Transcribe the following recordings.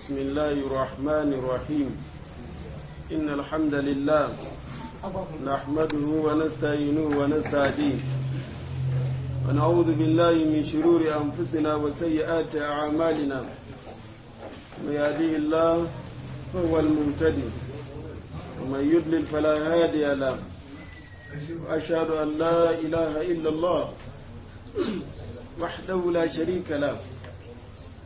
بسم الله الرحمن الرحيم إن الحمد لله نحمده ونستعينه ونستهديه ونعوذ بالله من شرور أنفسنا وسيئات أعمالنا من يهديه الله فهو المهتدي ومن يضلل فلا هادي له وأشهد أن لا إله إلا الله وحده لا شريك له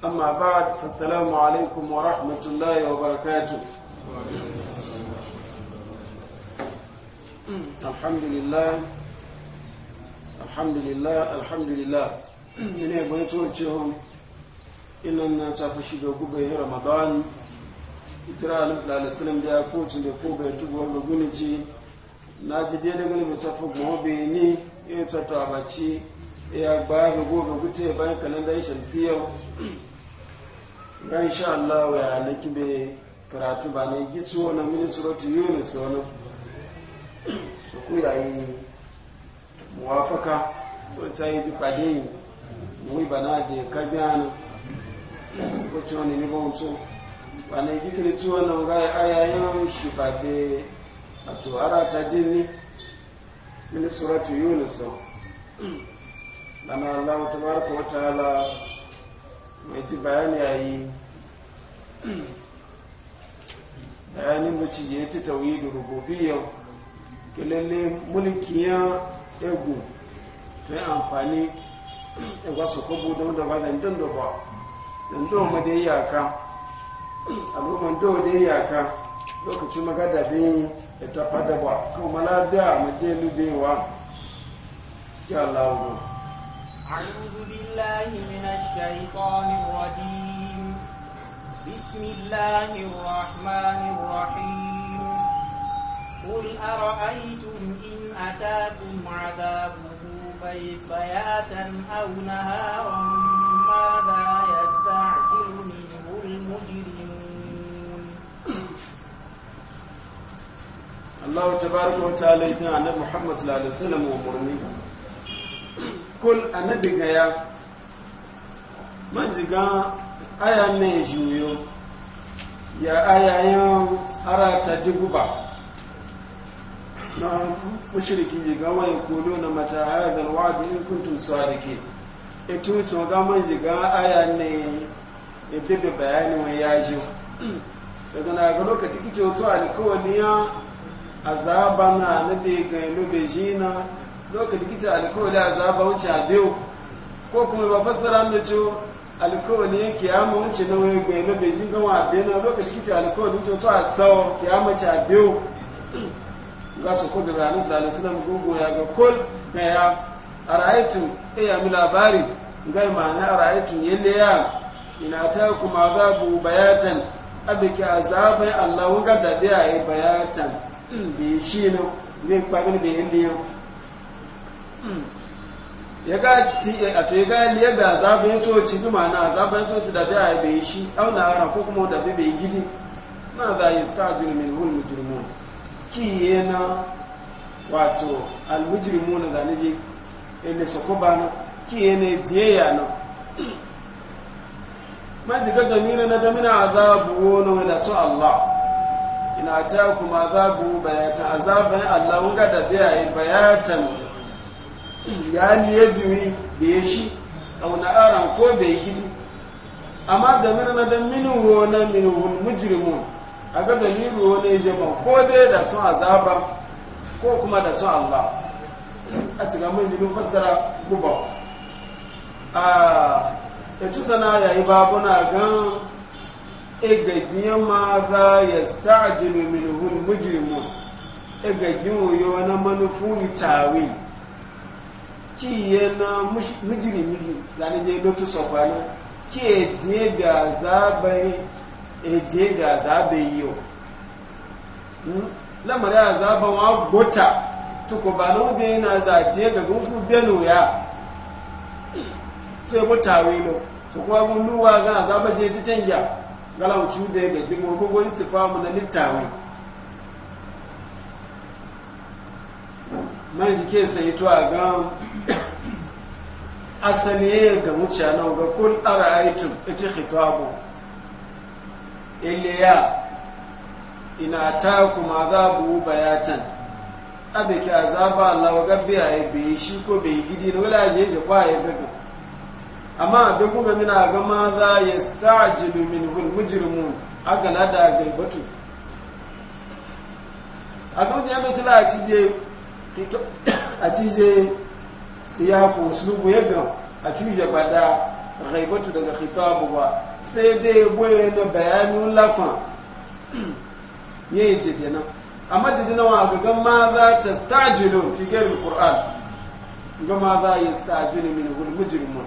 amma ba fasalamu alaikum wa rahmatullahi wa barakatu alhamdulillah alhamdulillah alhamdulillah yana yi bai tsohonce hon inan na tafi shi da gubai yi ramadan itira alisalasalam da ya kocin da ko bai tubuwar da guniji na ji daidai gani bai tafi gwa bai ni iya tattawa bace ya bayan gobe gute bayan kalandar shamsiyar ga insha Allah ya laki be karatu ba ne gitsu wani mini suratu yunus wani su ku yayi muwafaka wata yi ji pade mu ba na de kabiyanu ko ci wani libon so ba ne gikiri ci wani ga ayayen shi ba be a to ara ta jini mini suratu yunus lana Allah tabaraka wa ta'ala mai ti bayani a yi bayanin da ta ya ti da rububiyyau ke lalle ya ego ta yi amfani da wasu kubu da wanda ba zan don da ba don don ma da yaka al'umman do da yaka lokacin magada bin ya tafa da ba kuma lafiya majalu bin wa ki Allah أعوذ بالله من الشيطان الرجيم بسم الله الرحمن الرحيم قل أرأيتم إن أتاكم عذابه بياتا أو نهارا ماذا يستعجل منه المجرمون الله تبارك وتعالى عن محمد صلى الله عليه وسلم ومرميه kul anabi gaya man ziga aya ne juyo ya aya yan ara ta diguba na mushriki jiga wa na mata hadha alwa'd in kuntum sadiki eto to ga man ziga aya ne ebebe bayani wa yaji daga na ga lokaci kike to alkawaliya azaba na nabi ga lobe jina lokacin likita a azaba wuce a biyu ko kuma ba fassara da cewa alkawali ki ya mu wuce na wani gbe na bejin gama a biyu na lokacin likita alkawali wuce to a tsawo ki ya mace a biyu ga su kudu da hannun suna gugu ya ga kol na ya a ra'aitun iya eh, mi labari ga ma'ana a ra'aitun yadda ya ina ta kuma bu bayatan abiki azabai allah wuga da biya ya bayatan bai shi ne zai kwamin bai yadda ya ga eh, a to ya ga liya da azabin coci duma na azabin coci da zai haibe shi auna ara ko kuma da bai gidi na za yi stajin min hul mujrimun ki yana wato al mujrimun da eh, ne je ele sokoba na ki yana je ya na ma ji ga damina na damina azabu wono wani to Allah ina ta kuma azabu a azabin Allah wunga da zai bayatan ya ni ya biwi da ya shi a wani aran ko bai gidi amma da mirna da minin wona minin hun mujrimun a ga da miri wona ya ko dai da tun azaba ko kuma da tun allah a cikin majalin fassara guba a yaci sana yayi babuna gan egagbiyan ma za ya sta'ajilu min hun mujrimun egagbiyan yo na manufun tawil ki ye mujiri miji zane je lotu sokwani ki e hmm? ga zabe e ga zabe yo lamari a zaben wa gota tuku ba na wajen yana zaje ya sai gota wilo su kuwa gunduwa gana zaba je ta canja da ya gaji mu gugu istifamu na littawi man jike sai to a gan asali ya ga mutanen ga kul ara'aytum ita khitabu iliya ina ta kuma azabu bayatan abiki azaba Allah wa gabbi ayi bi shi ko bai gidi ne wala je je kwaye gaga amma duk kuma mina ga ma za yastajilu minhu almujrimun aga na da gaibatu a kan je mai tila a cije siyaku uslubu ya gan a cuje bada ghaibatu daga khitabu ba sai dai boye da bayanin lakon ya yi jidina amma jidina wa ga ma za ta stajilun fi gairin qur'an ga ma za ya stajilu min hul mujrimun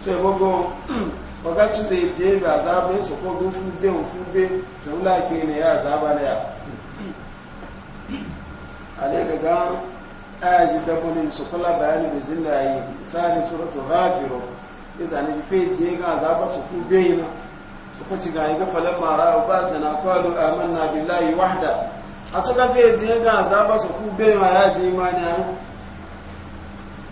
sai gogo wakati zai je ga zabe su ko gufu be fufe ta wula ke ne ya zaba na ya ale ga ga aya ji dabbobin su kula bayani da zilla yi misali suratu ghafiro ya zane ji je ga ba su ku bayina su ku ci ga ga falan mara ba sana qalu amanna billahi wahda a su ga fe je ga ba su ku bayina ya ji imani an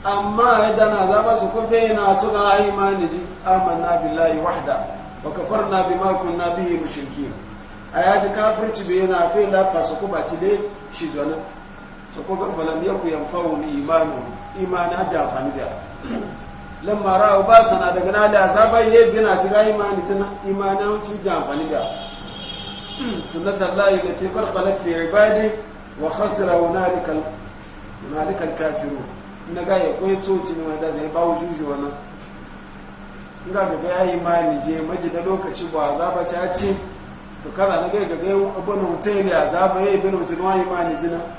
amma idan ba su ku bayina su ga imani ji amanna billahi wahda wa kafarna bima kunna bihi mushrikin ya ji kafirci bayina fe la fasu ku ba ci dai shi zanan so ko ga falam yaku yanfa'u imanu imana jafani da lamma ra'u sana daga na da saban ne bina ci ga imani tana imana ci jafani da sunnatul lahi ce ci farqala fi ibadi wa khasira hunalika hunalika kafiru kafirun na ga ya koyi ne wanda zai bawo juju wannan ina ga ga imani je maji da lokaci ba za ba ci to kana na ga ga abun hotel ya za ba ye bin hotel wa imani jina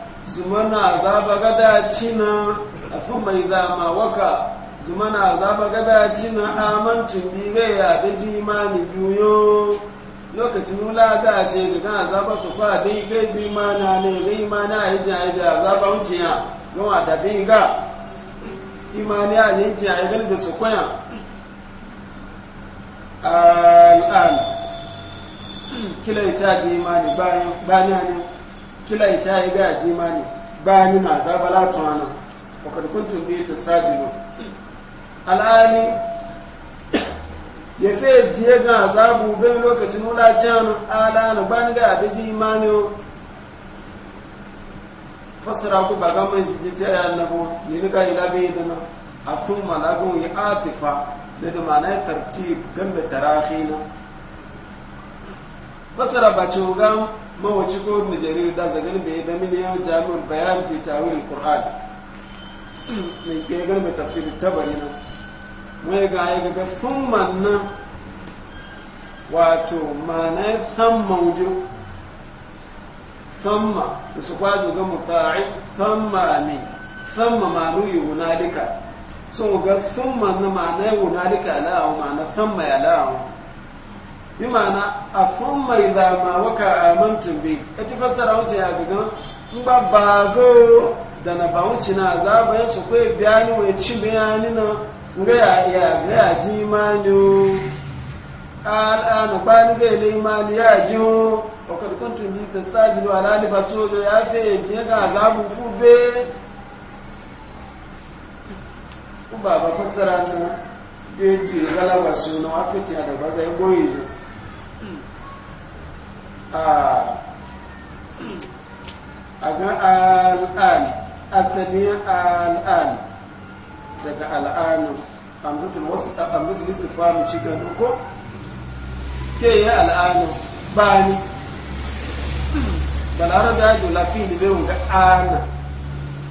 zumana ba gada cina a fi mai zama waka zumana ba gada cina mantun bibe ya da ji imani biyu lokacin nula da ce ga kan azaba su fa dai kai ji imani ne ga imani a hijin a da wuce ya don a da bin ga imani a hijin a hijin da su kwaya al'an kila ita ji imani bayan ne kila ita yi ga ma ne ba ni na zaba latuwana wa karkuntun bi ta stajino al'ali ya fe jiye ga azabu bin lokacin wula can ala na ni ga ne o fasara ku ba ga mai jiji ta yi nabo ne ni ka ila bi dana sun malagun ya atifa da da mana tartib gambe tarahina fasara ba ci mawaci ko wani jarir da zagal bai da min ya jami'ar bayan fi tawiri alquran ne ke ga mai tafsirin tabari na mai ga ya ga summa manna wato mana san mawju samma da su kwazo ga mutari samma amin samma wuna yunalika sun ga summa na mana yunalika ma mana samma ya la'u bi ma'ana a fun mai zama waka amintun bi ka e ci fassara wuce ya gaga ba ba go da na ba wuce na zaba ya su kwe bayani wai ci biyani na ga ya ya ga ya ji imani al'ana kwani zai lai imani ya ji o wakar kuntun bi ta stajilu alali ba to ya fe ya ga azabu fu be ba ba fassara na daidai galaba suna wafiti a da ba zai goyi a ga al'an asalin al'an daga al'anu amzatul istifamu ci gano ko ke yi al'anu ba ni balara da yajo lafili bai ga ana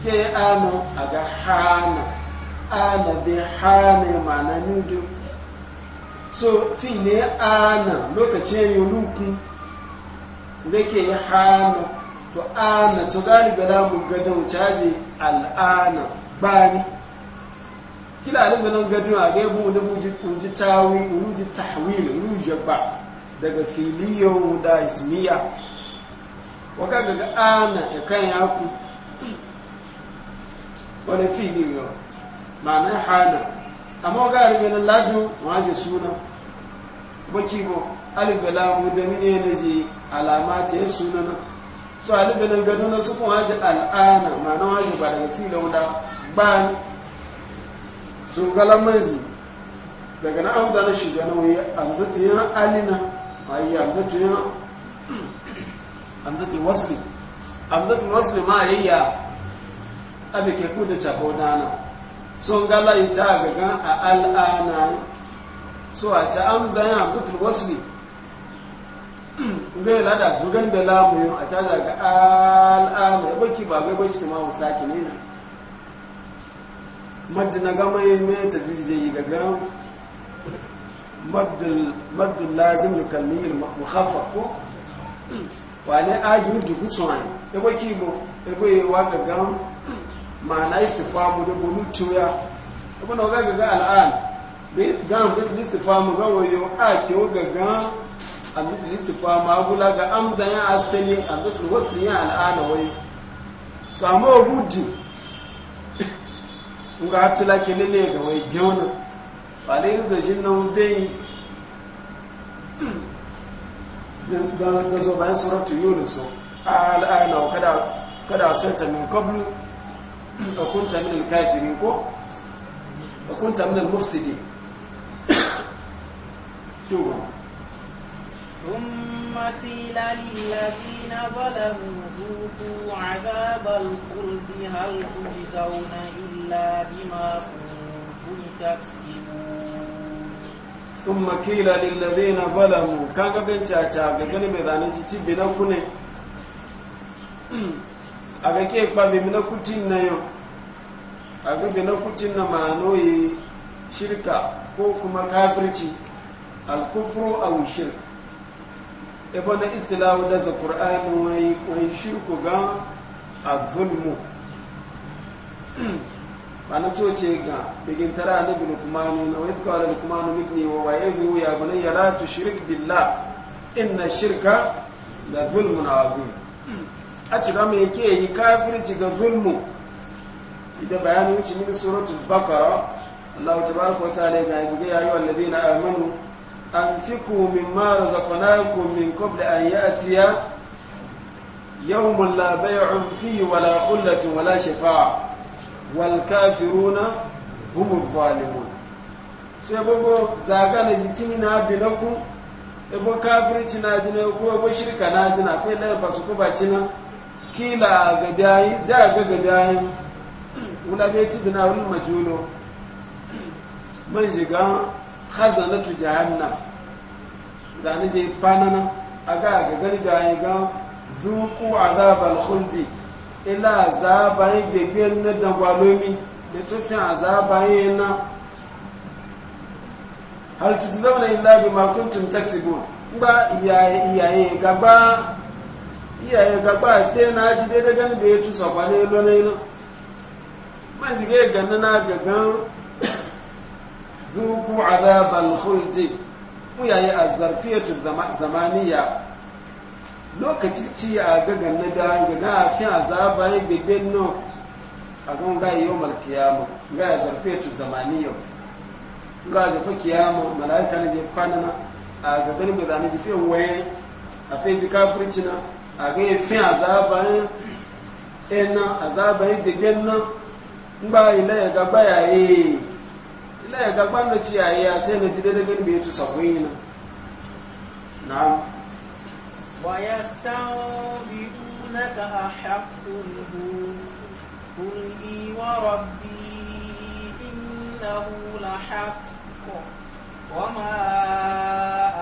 ke yi ano a ga hana ana bai hana ma'ana nudu so fi ne ana lokacin yi lukun ngake ya hana to ana to galiba na mu gadon caji al'ana bani kila alin mu gado a ga yabu da buji tawi ruji tahwil ruji ba daga filiyo da ismiya waka daga ana ya kan yaku wani fili ma ma'ana hana amma ga alin ladu ma je suna baki mo alin mu da ne ne je alama ce sunana so a su nan gano na su kuma haji al'ana na haji ba daga fila wuda ba ni su galan manzi daga na amsa na shiga na waye amzatu yan alina yi amzatu yan amzatu wasu amzatu wasu ma ya abe ke ku da chabo dana so gala ita ga gan a al'ana so a ta amza yan wasu ne ngai lada dugan da lamu a caza ga al'ama ya baki ba ga baki ma mu saki ne na mad na ga mai me tadbiri je ga ga mad mad lazim li kalmi al mukhaffaf ko wani aju dugu tsawon ya baki bo ya bai wa ga ga ma'ana istifamu da bulutuya abuna ga ga al'an bi gan zai istifamu ga wayo a ke ga ga amzatul istifham ma gula ga amza ya asali amzatul wasu ya al'ana wai to amma gudi nga tula kelele ga wai gyona bale da jin nan bai da zo bayan suratu yunus al'ana kada kada sata min qablu ka kunta min al-kafirin ko ka kunta min al ثم قيل للذين ظلموا ذوقوا عذاب الخلد هل تجزون إلا بما كنتم تكسبون ثم قيل للذين ظلموا كان كان تشاتا بكن ميدان تشي بلا كني aga ke kpa bi نيو kutin na yau aga bi na kutin na ma'anoyi shirka ko kuma ebe na istila da za ƙur'ani wani ku ga a zulmu ba na coce ga bikin tara na bi lukumanu na wai suka da lukumanu mikni wa waye zuwa ya gune ya ratu shirik billah inna shirka da zulmu na abu a cika mai ke yi kafirci ga zulmu ida bayanin wuce mini suratul bakara Allah ta baraka wa ta'ala ga ya yi wa na amanu أنفقوا مما رزقناكم من قبل أن يأتي يوم لا بيع فيه ولا خلة ولا شفاعة والكافرون هم الظالمون سيبقوا زاقان جتينا بلكم ebo kafiri na jina ko ebo shirka na jina fe lai ba ko bacina kila ga dai za ga ga dai wula beti ci bina wani majulo man jiga khazanatu jahannam da ni je panana aga ga garga yi ga zuku azabal khuldi ila azabai begen na dangwalomi da tufin azabai na hal zauna illa ma kuntum taksibun ba iyaye iyaye gaba iyaye gaba sai na ji dai daga ne bai tusa kwale lona na ma zige ganna na gagan zuku azabal khuldi mu yayi azarfiyatu zamaniya lokaci ci a gagan na da ga na fi azaba yi beben no a gon ga yi mal kiyama ga azarfiyatu zamaniya ga zafa kiyama malaika ne je panana a gagan me zani ji fi waye a fi ji kafirci na a ga fi azaba yi ena azaba yi beben no ngba ile ga baya yi. lai ga gbanda a sai na ji daidai gani bai sabon yi na na'am wa ya stanbi'unaka hu i wa rabbi innahu lahaqqu wa ma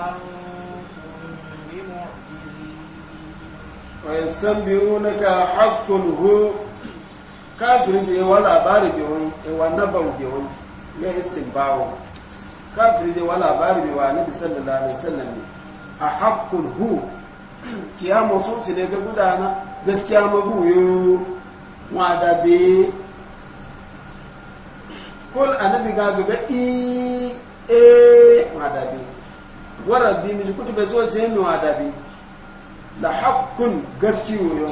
antum bimu'jizin wa yastanbi'unaka ahaqqun hu kafirin sai wa labari bi na istigbawo kafiri ne wala labari mai wa nabi da alaihi sannan ne a hakkun hu kiyama sauti ne ga gudana gaskiya mabuyo da be kul annabi ga gaba i e da be warabbi miji kutu be to je mi da be da hakkun gaskiyo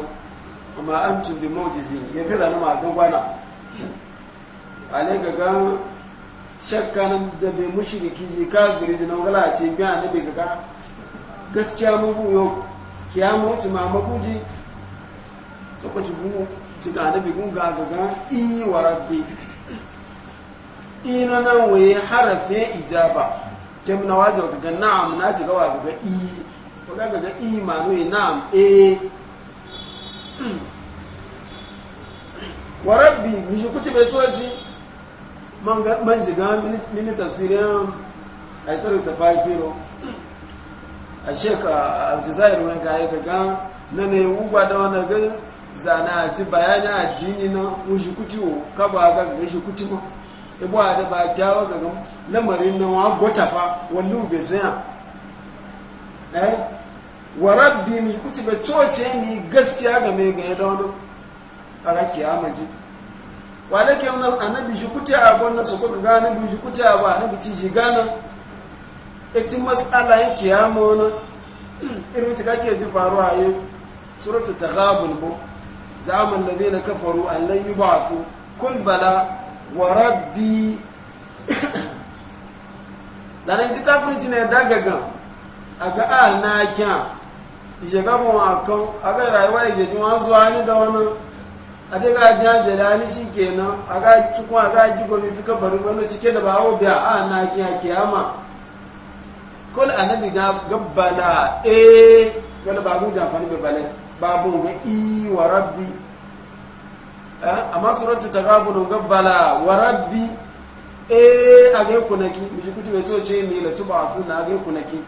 amma antum bi mu'jizin ya fi da ma gwana ne ga ga shakka nan da bai mushi da kiji ka girji ji nan gala ce biya na bai gaskiya mugu yau kiyama wuce ma maguji so ko cikin ci ga na bigun ga gaga iyi wa rabbi ina nan waye harafin ijaba kem na waje wa gaga na'am na ci gawa gaga i ko ga gaga i ma no e na'am eh wa rabbi mishi kuci bai tsoji man shiga mini yi aisar tafasiro a sheka aljazair wani ga aika ga na ne ugba da wani ga zana ji a jini na wushi kuti o ka ga ga shi kuti ma ibo e a da ba kyawa ga ga lamarin na wa gota fa wallu be tsaya eh wa rabbi mi kuci ba coce ni gaskiya ga me ga ya wani a ga kiyama ji wale ke wannan annabi shi kuta a gwanna su kuka ga bi shi kuta a ba annabi ci shi gana ita matsala ya kiyama wani irin cika ke ji faruwa yi surutu ta gabun ko zaman da zai na kafaru allon yi ba fi kun bala wa rabbi zanen ji kafirci ne gaga a ga a na kyan ishe gaba wa kan a ga rayuwa ishe ji wani zuwa ni da wani a dai ga jiya jalani shi kenan a ga cikin a ga gigo mai fika bari wanda cike da bawo biya a na kiya kiyama kone annabi ga gabbala eh wani babu jamfani bai bale babu ga i wa rabbi eh, amma suratu tagabun gabbala wa rabbi eh a ga kunaki miji kuti bai tsoce mi la tuba na a ga kunaki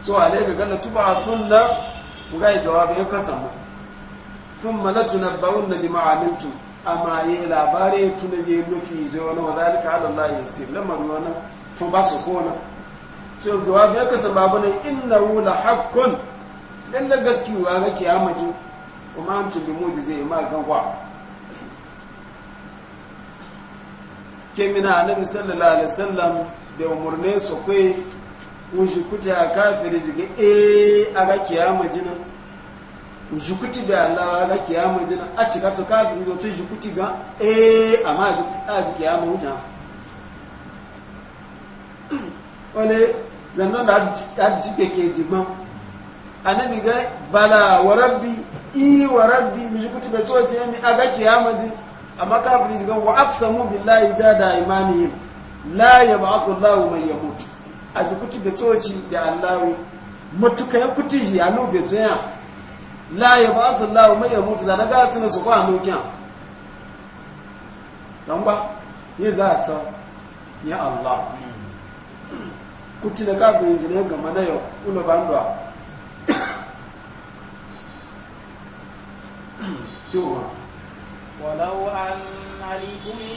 so ale ga gana tuba afunna mu ga jawabi ya kasamu sun malatu na bawon na bima amintu amma yi labari tuna je mafi je wani wa zalika alallah ya sir lamarin wani fun ba su kona sai jawabi ya kasa babu ne inna wula hakkun ɗan da gaskiya na kiyamaji kuma an tubi mujize ma gangwa kemina annabi sallallahu alaihi wasallam da umurne su kai wuji kuta kafiri jiga eh ga kiyamaji nan jukuti bɛ Allah ka kiyama jina a cika ka to kafin da to jukuti gan ee a ma a ji kiyama wuta wale zannan da a ji keke jiban annabi ga bala wa rabbi i wa rabbi mi jukuti da to ce mi a ga kiyama ji amma kafin ji gan wa aksamu billahi jada imanihim la yab'athu Allahu man yamut a jukuti da to ci da Allah matuka ya kuti ya no zuwa láyé ya ba láwọn mẹ́yẹ̀ mai mutu da na ga tuna su kwa nokin ba za a tsau ya Allah kú tí kafin káàkiri ne gama na yau ulo bandwa cewa walau an لكل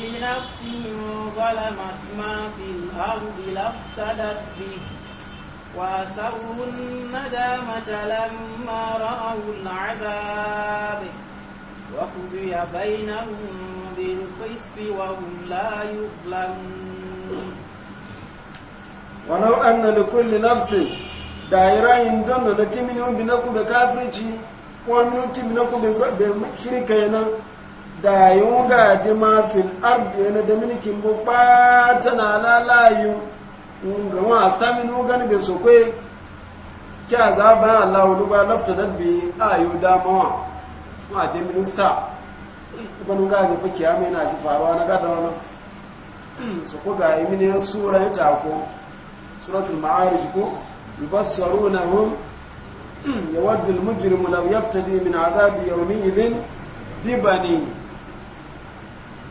وأسروا الندامة لما رأوا العذاب وقضي بينهم بالقسط وهم لا يظلمون ولو أن لكل نفس دائرة يندن لتمنهم بنكو بكافرتي ومنهم تمنكو بشركينا da yunga dima don ardi na da milikin tana lalayu ga a sami no gani su so kwe kya za ba Allah du ba lafta da bi ayu da ma ma de min sa ban ga ji fa kiyama na ji faruwa na ga da wannan so ko ga yi ne sura ta ko suratul ma'arij ko yubassarunahum yawaddu al-mujrimu law yaftadi min adhabi yawmi idhin bibani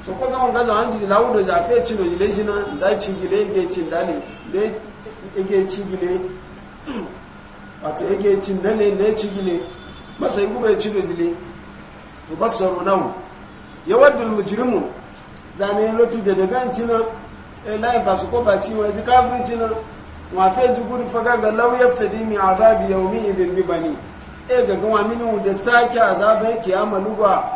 so ko ga wanga zan di lawo do ja fe chino ile jina da chingile ge chindale le ege chingile wato ege chindale le chingile masa yi gube chino zile to basaru nawo yawaddu al mujrimu zane lotu de de gan china e lai ba su ko ba ci wani kafin na. wa fe ju gudu faga ga law yaftadi mi azabi yawmi idhin bi bani e ga gwa minu da sake azabai kiyama lugwa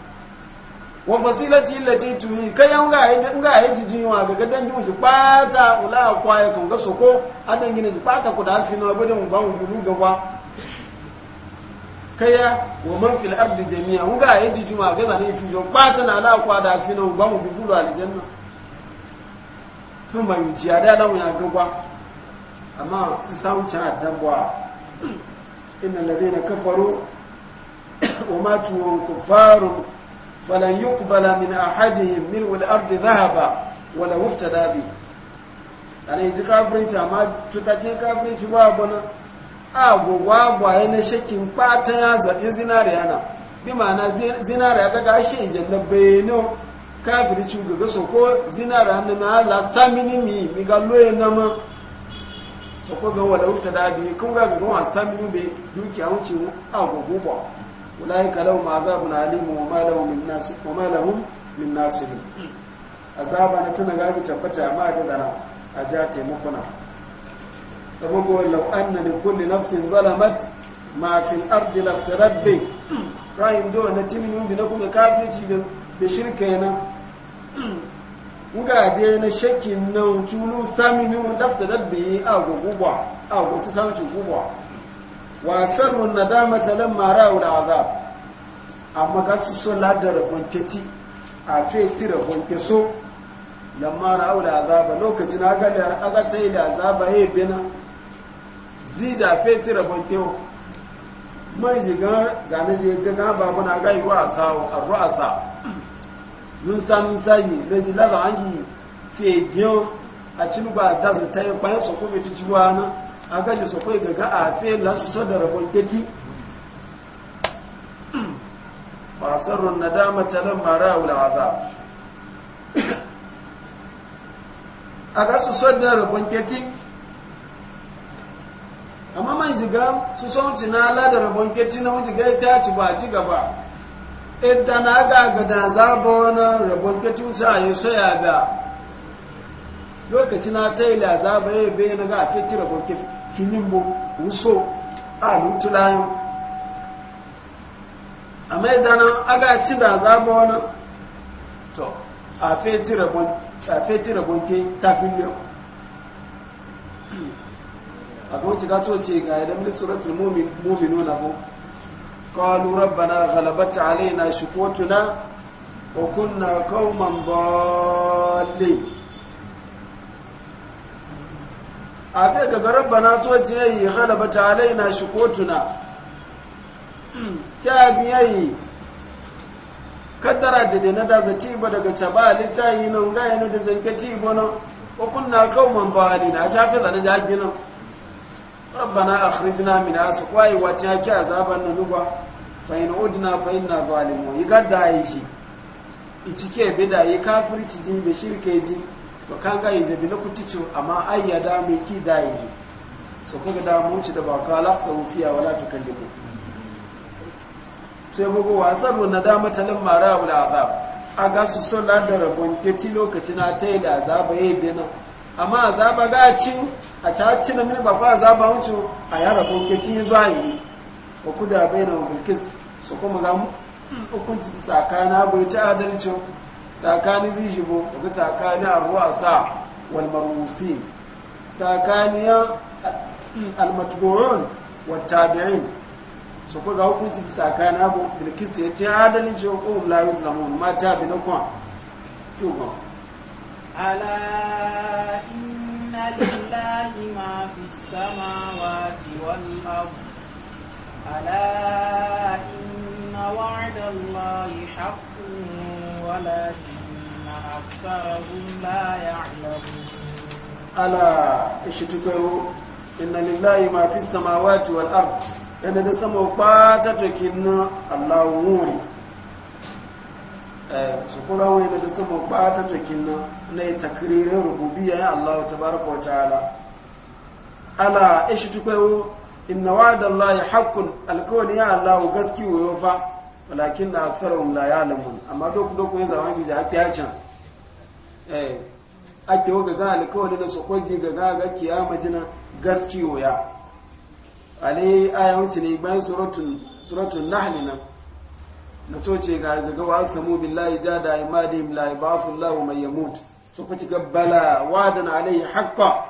wa fasilati allati tuhi kai an ga yi ga wa ga gadan jin ji ula kwaye kan soko adan gina ji pata ku da alfi na gudun ba wa man yi wa fi jo na ala kwa da sun da ya amma wa فلن يقبل من أحدهم ملء الأرض ذهبا ولو افتدى به ana yi ji kafirci amma tutacin kafirci ba bana agwagwa gwaye na shakin fatan ya zaɓi zinariya na bi ma'ana zinariya ga gashi injin na bayano kafirci gaga so ko zinariya na na ala samini mi mi ga loye na ma so ko ga da bi kun ga gaga wa samini bai dukiya wuce agwagwa ba أولئك لهم عذاب أليم وما لهم من ناس وما لهم من ناس azaba na tana gazi tabbata amma da dara a ja taimakona sabogo law anna li kulli nafsin zalamat ma fil ardi laftarat bi rayin do na timin yumbi na kuma kafirci da shirka yana muka de na shakin nan tulu saminu laftarat bi a gugubwa a gusu samcin gugubwa wasarmu nadamata lamma ra'u al'azab amma ka su so ladar bonketi a feti da bonkeso lamma ra'u al'azab lokacin aka da aka tayi da azaba yayi bina zija feti da bonkeo mai jiga zane je ga babu na gai wa sawo arruasa nun san sai da ji laza angi fe biyo a cinuba da zata yi bayan su kuma tuci wana aga ji kai gaga a fe lansu so da rabon na dama ta talan mara wula wata aga su so da rabon beti amma man jiga su na ala da rabon beti na mun jiga ta ci ba ci gaba idan na ga da zaba wani rabon beti wuce a yi soya ga lokaci na ta yi lazaba ya bayyana ga a fitira rabon kifi kinyimbo uso a lutulayin a mai dana aga ci da zaba wani to a feti rabon ke tafin yau a kuma ci gato ce ga yadda mini suratul na ko kalu rabbana ghalabata alaina shukotuna wa kunna qauman a kai ga rabbana tsoci yi halaba ta alaina shi kotuna ta yi? kaddara da dina da za ba daga taba litayi nan gaya na da tiba nan. ko ba kauman balina a tafi da na jagi nan rabbana akhrijna min asu kwai wace yake azaban nan duba fa na fahimta ba inna zalimun yi gadda yi shi itike bida yi kafirci ji bai shirke ji. to kan ga yaje bi na kuticu amma ai ya da mai ki da yaje so ko ga da mu ci da ba ka la sa fiya wala tukallimu sai bugu wasan na da matalin mara abu da azab a ga su so la da rabon keti lokacin na tai da azaba yayi bi na amma azaba ga ci a ta ci na mini ba azaba wucin, a ya rabon keti zuwa yi ko kuda bai na bilkis so kuma ga mm, hukunci tsakana bai ta adalcin tsakanin zishibo daga tsakanin arwasa walmarusi marmusin tsakanin almatbu'un wat tabi'in so ko ga hukunci tsakanin abu bilkista ya ta adalin cewa ko la yuzlamun mata bi na kwa to ba ala inna lillahi ma fis samawati wal ard Ana ashirin kwaiku in na ma fi sama wati wal'am yadda da saba'o kpa ta kinna Allah wu Su kula wani yadda da saba'o kpa ta ta kinna lai takrurin rubiya ya Allah ta ta ana. Ana ashirin kwaiku in na wa dan layi hakun alƙawani ya Allah wa gaskiya wa na sararin layi a lemu amma duku dukun zamanki su haƙƙi a can. eh ake wa gaga alkawari na sokoji gaga ga kiyama jina gaskiyo ya ale aya wuce ne bayan suratun suratul nan na toce ga gaga wa aksamu billahi jada imadim la yabafu allah man yamut so ku ci gabbala wadan alai haqqa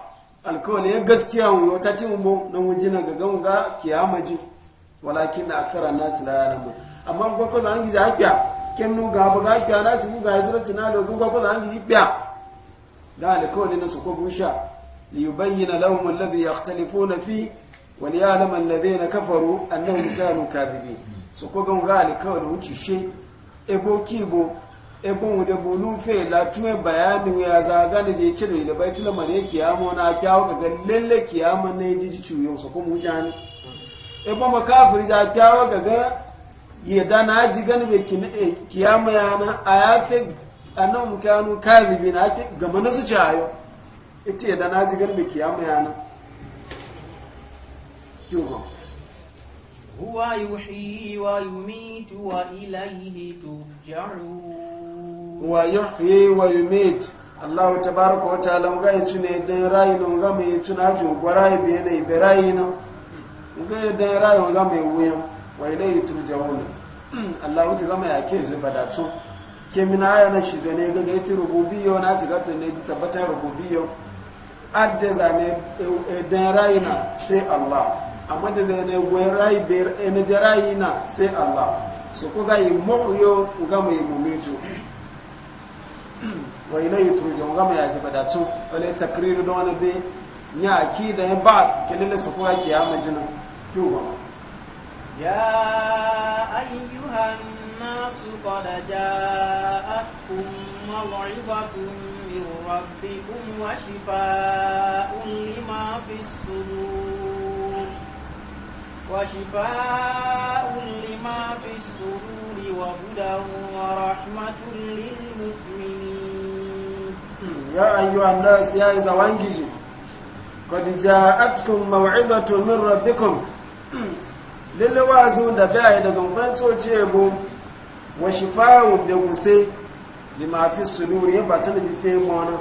alkawali ya gaskiya mu ta cin mu na wujina gaga mu ga kiyama ji walakin aksara nasu la ya'lamun amma ko ko an gizi hakiya kenu ga buga ga kya su ga su tana da gugu ko zan yi biya da alkawli na su ko busha li yubayyana lahum alladhi yakhtalifuna fi wa li ya'lam alladhina kafaru annahum kanu kadhibin su ko ga ga da wuci she bo, e bo wude bulun fe la tuwe bayani ya zaga ne je cire da baitul mane kiyama na kyawo ga lalle kiyama ne ci yo su ko bo ebo makafiri za kyawo ga yadda eh, na ji gani be kiyama yana a ya fi annan kanu kazibi na fi gama na su cayo ita yadda na ji gani be kiyama yana kyuwa huwa wahiyi wa yi mitu wa ilayi to jaru wa yuhyi wa yi yumitu Allah tabaraka wata ta'ala ya ci ne don rayu na gama ya ci na ji gwara ya biya na ibe rayu na nan don rayu na gama ya wuyan wa ilayhi turja'un Allah wuce zama ya ke zuba da tso ke mina aya na shi zane ga ga ita rububiyyo na ci gato ne ji tabbatar rububiyyo adda zane eh, eh, dan rayina sai Allah amma da ne goyen rayi bayar ene eh, da rayina sai Allah su ku ga yi mu'yo ga mai mumito wa ilayhi turja'un ga mai ya ji da to wala takrir don wani be ya akida ya ba kelele su ko ga kiyama jinan kyuwa يا أيها الناس قد جاءتكم موعظة من ربكم وشفاء لما في الصدور وشفاء لما في الصدور وهدى ورحمة للمؤمنين يا أيها الناس يا إذا وانجي قد جاءتكم موعظة من ربكم lalle wa'azin da bai da gamfanin coci ego wa shifa'un da wuse lima fi suduri ya batun da jife mona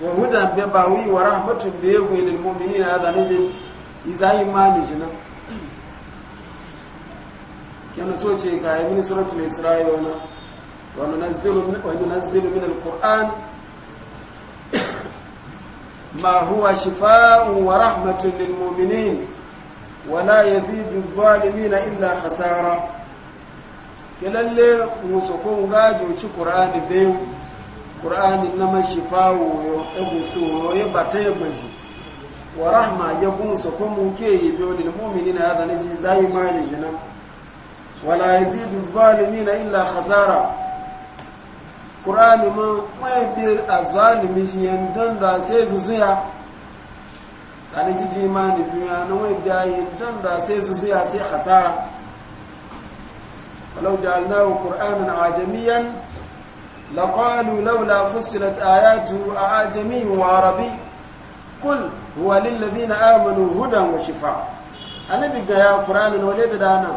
wa huda be ba wi wa rahmatun da ya gwi lil mu'minin ya zane je izayi ni jina kana ce ga ya suratu suratul isra'i wana wa nunazzilu wa nunazzilu min alquran ma huwa shifa'un wa rahmatun lil mu'minin wala yazidu zalimina illa khasara kelalle musu ko ga joci qur'ani be qur'ani na man shifawo yo ebu suro ye bata ye bashi wa rahma ya musu ko mu yi be wani mu'minina hada ne ji zai mani jinan wala yazidu zalimina illa khasara qur'ani ma mai bi azalimi yan dan da sai su suya ana ji ji ma dan da sai su sai sai khasara walau ja'alnahu qur'anan ajamiyan fussilat ayatu ajami wa arabi kul huwa lil ladina amanu hudan wa shifa annabi ga ya qur'anan wale da dana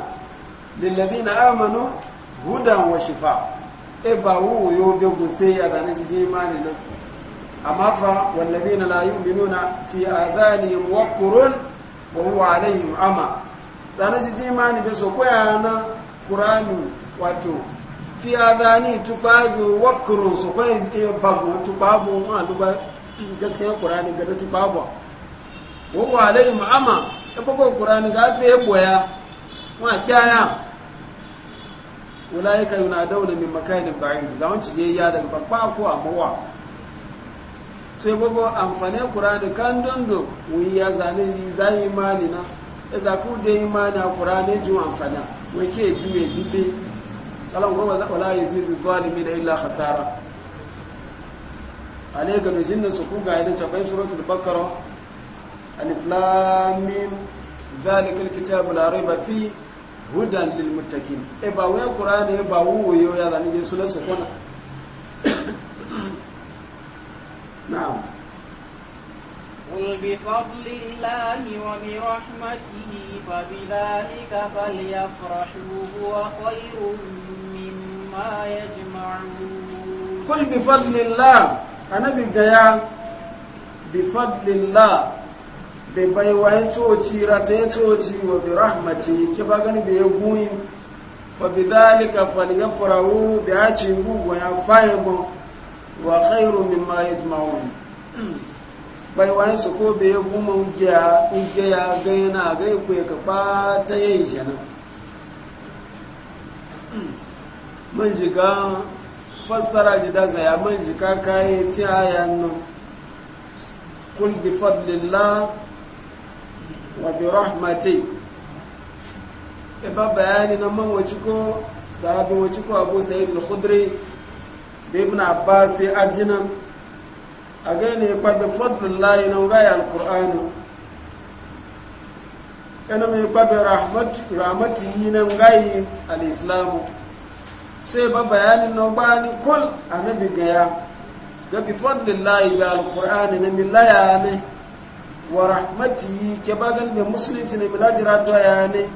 lil ladina amanu hudan wa shifa e ba wu yo ya amma fa wallazina la yu'minuna fi adhanihim waqrun wa huwa alaihim ama tsana ji imani be so koya na qur'ani wato fi adhani tubazu waqrun so koya e babu tubabu ma duba gaskiya qur'ani ga tubabu wa huwa alaihim ama e babu kur'ani ga fe boya wa kaya ulaika yunadawna min makanin ba'id zawanci je ya daga babba ko mawa. sai gogo amfani kurani kan dondo wuya zane za yi mani na ya e za ku da yi mani a kurani jin amfani wai ke duwe dubbe kalan goma za wala yi zirbi zalimi na illa hasara. ale ga dojin da su kuga ya da cabai suratul bakara alif lam mim zalikal kitabu la raiba fi hudan lil e ba wuya kurani e ba wuyo ya zane je su la su kona نعم قل بفضل الله وبرحمته فبذلك فليفرحوا هو خير مما يجمعون قل بفضل الله أنا بالجيان بفضل الله ببيوه توتي رتي توتي وبرحمته كيف أغني بيقوين فبذلك فليفرحوا بأتي ويفايموا wa khairu mimma yajma'un bai wani su ko bai goma ungiya ungiya ga yana ga ku ka fata yayi shana man jiga fassara jida zaya man jika kai ti ayan nan kul bi fadlillah wa bi rahmati e ba bayani na man wace ko sahabi wace ko abu sayyid al-khudri da ibn abbas ajina a ne kwa da fadlullahi na ga ya alqur'ani kana mai kwa da rahmat rahmatihi na ga yi alislamu sai ba bayani na ba ni kul annabi ga ya ga bi fadlullahi ga alqur'ani na millaya ne wa rahmatihi ke bagan da musulunci ne bilajira to ya ne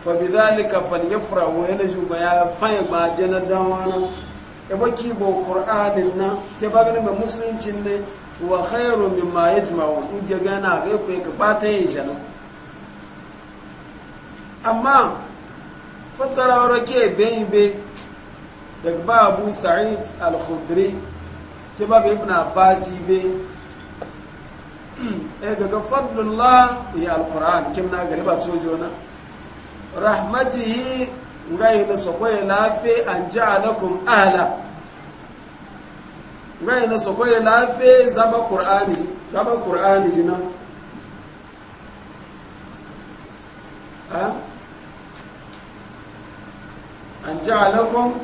fa bi dhalika falyafrahu wa yanju ma ya fa ma jana dawana ebaki bo qur'anin na te bagani ba musuluncin ne wa khairu mimma yajma'u ga gana ga ku ka bata yin shanu amma fasara rake bayin be daga ba abu sa'id al-khudri ke ba ibn abbas be eh, daga fadlullah ya al-qur'an kin na gari ba sojo na rahmatihi ngai na sokoye lafe an alakun ahla ngai na sokoye lafe zama qur'ani zama qur'ani jina an alakun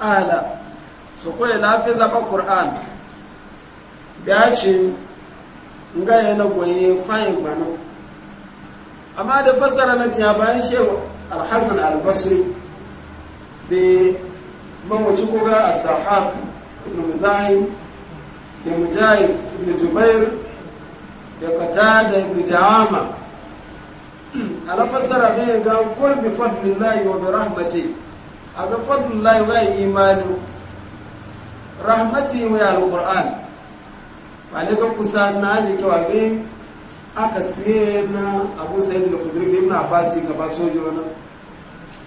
ahla sokoye lafe zama qur'an dace ngai na goye fahimta bana amma da fassara na ta bayan shewa alhassan albasri da mamaci koga a dahak ibn muzayin da mujahid ibn jubair da kata da ala fassara bai ga kul bi fadlillahi wa bi rahmati a ga fadlillahi wa imani rahmati wa alquran ba ne ga kusa na ji kawai aka siye na abu Sayyid al-khudri ibn abbas ka ba sojo na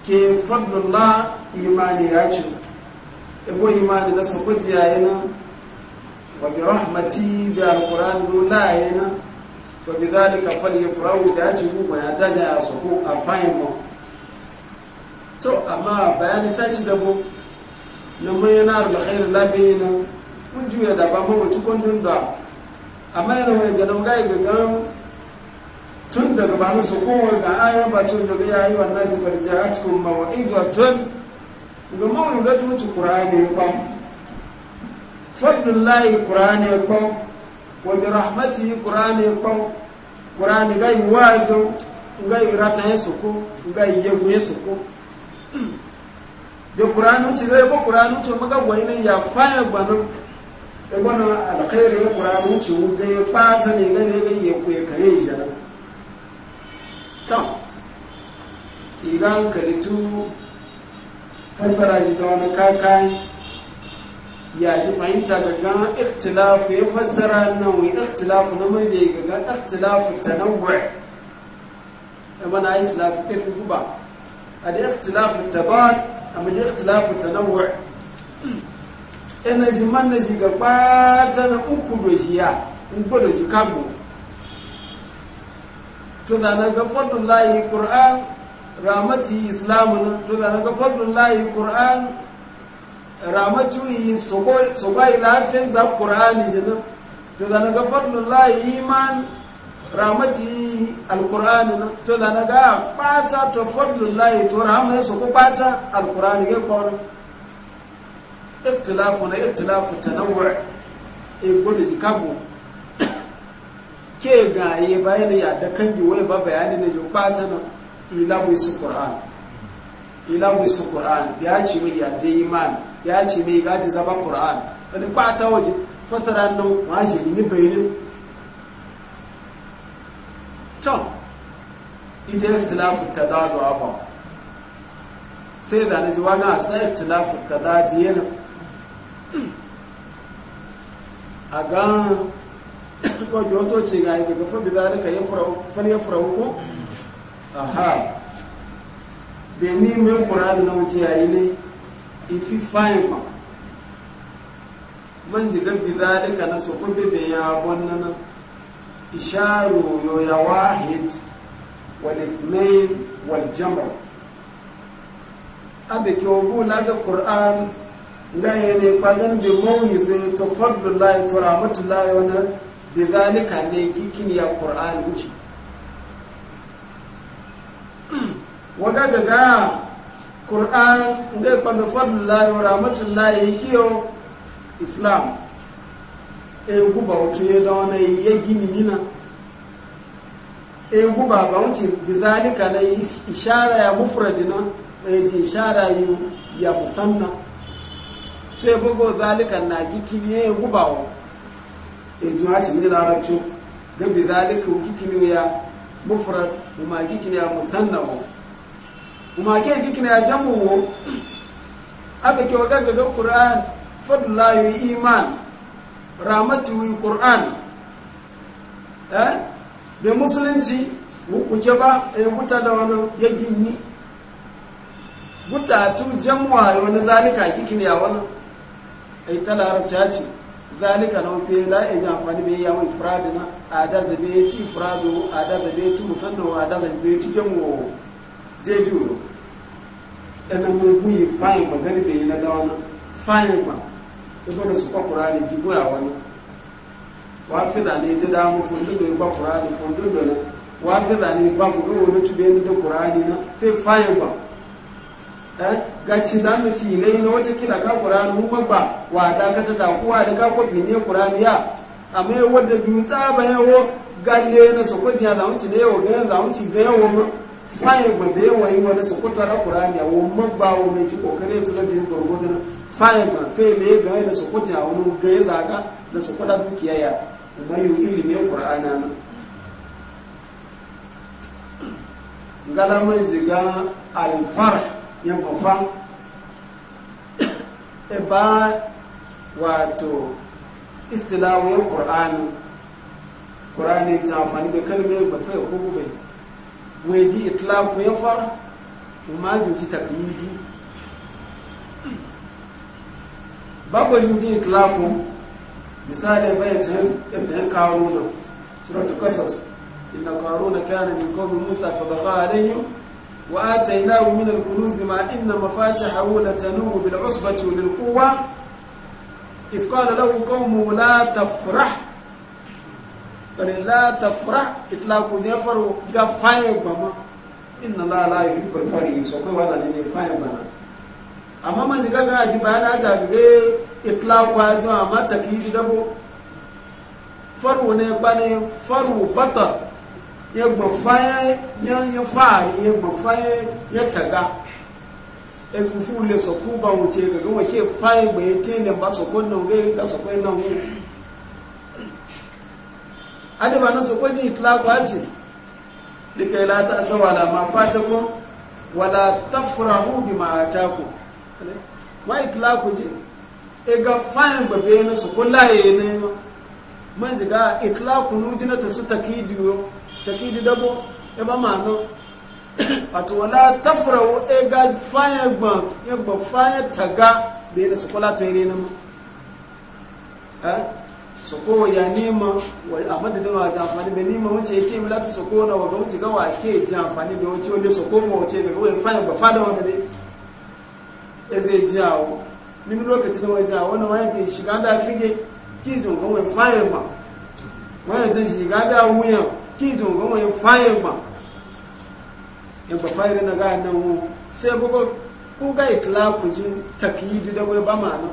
ke fadlullah imani ya ci ebo imani da sokoji ya yi wa bi rahmati bi al-quran dula ya fa bi zalika falyafrahu da ya ci mu ya daja ya soko a fayin mu to amma bayani ta ci da mu na mai na da khairu labi na kun juya da ba mu mutu kun da amma yana mai ganin gai ga gan tun daga ba nasu kowar ga ayan ba tun daga ya yi wannan su bari ja cikin ba wa izatun ga mawai ga tuci kurani kwan faɗin layi kurani kwan wa bi rahmati kurani kwan kurani ga yi wazin ga yi rata ya suku ga yi yagu ya suku da kurani ci zai ba kurani ci maga wani ya faya gwanin da gwanin alkhairin kurani ci ga ya fata ne ga ne ga yi ya kare shi tam idan kalitu fassara shi da wani kaka ya ji fahimta ga gan ikhtilafu ya fassara nan wani ikhtilafu na manje ga gan ikhtilafu tanawwu ya mana ikhtilafu ɗin guba a da ikhtilafu ba a mai ikhtilafu tanawwu ina ji man na shi ga ɓata na uku dojiya uku shi kabo to na ga fadlun layi qur'an ramati islamun to na ga fadlun layi qur'an ramati sokoi sokoi lafin za qur'ani jinan to da na ga fadlun layi iman ramati alqur'ani na to da na ga pata ta fadlun layi to ramai soko pata alqur'ani ga kwaro ibtilafu na ibtilafu ikhtilafu tanawwu e gode jikabu ke gaye bayan ya da kan wai ba bayani ne jau ɓata na ilawai su ƙur'an ilawai su ƙur'an da ya ce mai ya da imani ya ce mai gaji zaba ƙur'an wani ɓata waje fasara nan waje ni bayanin to ita ya tilafu ta da da ba sai da ji wani a sai tilafu ta da da yana a gan wajen wato ce ga bi za ka fani ya fura hukun aha beni min na wuce yayi ne ifi fayin ba man za ka na su kube ya wannan isharu yo ya wahid wal ithnain wal jam'a abe na ga ƙura'an na ne kwanan bi mawuyi zai tafadlu layi turamatu layi wani bi zalika ne gikin ya qur'ani wuce waga daga qur'an da kwanda fadlullahi wa rahmatullahi kiyo islam e guba wato ya da wani ya gini nina e guba ba wuce bi zalika na ishara ya mufradina e ji ishara ya musanna sai bugo zalika na gikin ya guba wa. ejuwa ci mini larabci ga bi zalika gikini ya mufrad kuma gikini ya ko kuma ke gikini ya wo, abe ke waga ga qur'an fadlallahi iman ramatu qur'an eh da musulunci je ba e wuta da wani ya gini wuta tu jamuwa wani zalika gikini ya wani ai ta larabci ce zalika na wufe la ya ji amfani bai yawon ifradi na a da ci ifradi a da ci musamman a da zabe ci kyanwo jeju ɗan mun guyi fayin ba gani da yi na dawa na fayin ba ibo su kwakwara ne ki goya wani wa fi zane ta damu fundun da ya kwakwara ne fundun da na wa fi zane ba ku ɗin wani tube da kurani na sai fayin Eh? gaci za mu ci ilai na wata kila ka kur'ani mu ba wa ta ka ta kuwa da ka kwafi ne kur'ani ya amma yau wadda biyu tsaba yawo galle na sokoti ya zamu ci da yawo gayan zamu ci da yawo ma faye ba da yawo yi wani sokota na kur'ani ya wo mu ba wo mai ci ƙoƙari tu na biyu gwargwado na faye ba faye ne gaya na sokoti ya wani gaye zaka na sokota dukiya ya yi ilimin ƙur'ana na galaman ziga alfar yin kufan ba wato istilawar ƙorani ƙorani ta amfani da kalmar ba fai ko waje itlaku ya fara kuma juji taklidi babu juji itlaku misali bayan ta yin kawo nan suratul kasas inna qaruna kana min qawmi musa fa baqa alayhim وآتيناه من الكنوز ما إن مفاتحه لتنوء بالعصبة للقوة إذ قال له قومه لا تفرح فلن لا تفرح إطلاق جفر قفاية بما إن الله لا يحب الفريق سوكو ولا نزي فاية بنا أما ما زيكا جبانا جابي إطلاق واجوا أما تكيد دبو فرو نيباني فرو بطر ya gbafaye ya fari ya tɛga ya taga sɔku ba so tse wuce ga tse ke faye ba ya ne ba so ko nan ga ka sɔku ko nan o ale ba na tila ko a itlaqu aji dika la ta sɛ la ma ko wala fura bima bi ma ko tse e ga faye gbɛ be na sɔku la ye ne ma man ji ga itlaqu jinɛ ta su takidiyo takidi dabo e ba mano wato wala tafrawo e ga fanya gba e gba fanya taga da yana sokola to ne nan eh soko ya nema wa amadi da wa amfani da nema wace yake mi lati soko na wa wuce ga wa ke ji amfani da wace wanda soko mu wace daga wani fanya ba fada wanda ne e zai jawo min lokaci da wai jawo wannan wani ke shiga da fige ki wani fanya ba wani zai shiga da wuyan ki to goma ya faye ba ya ba faye na ga nan mu sai bugo ku ga ikla e ku ji taklidi da wai ba mana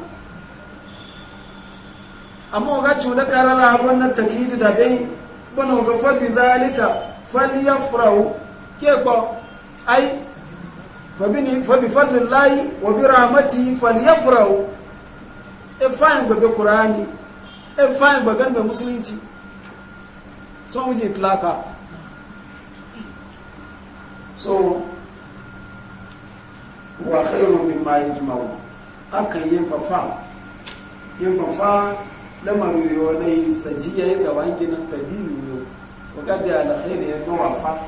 amma ga cu da karara wannan taklidi da bai bana ga fa bi zalika falyafrahu ke ko ai fa bi fa bi fadlillahi wa bi rahmatihi falyafrahu e fayin gobe qur'ani e fayin gobe musulunci so mu ji itlaka so wa khairu ma yajma'u akan yin bafa yin bafa lamarin yawonai sajiya ya gaba ginan tabiru ne wakar da alkhairi ya mawafa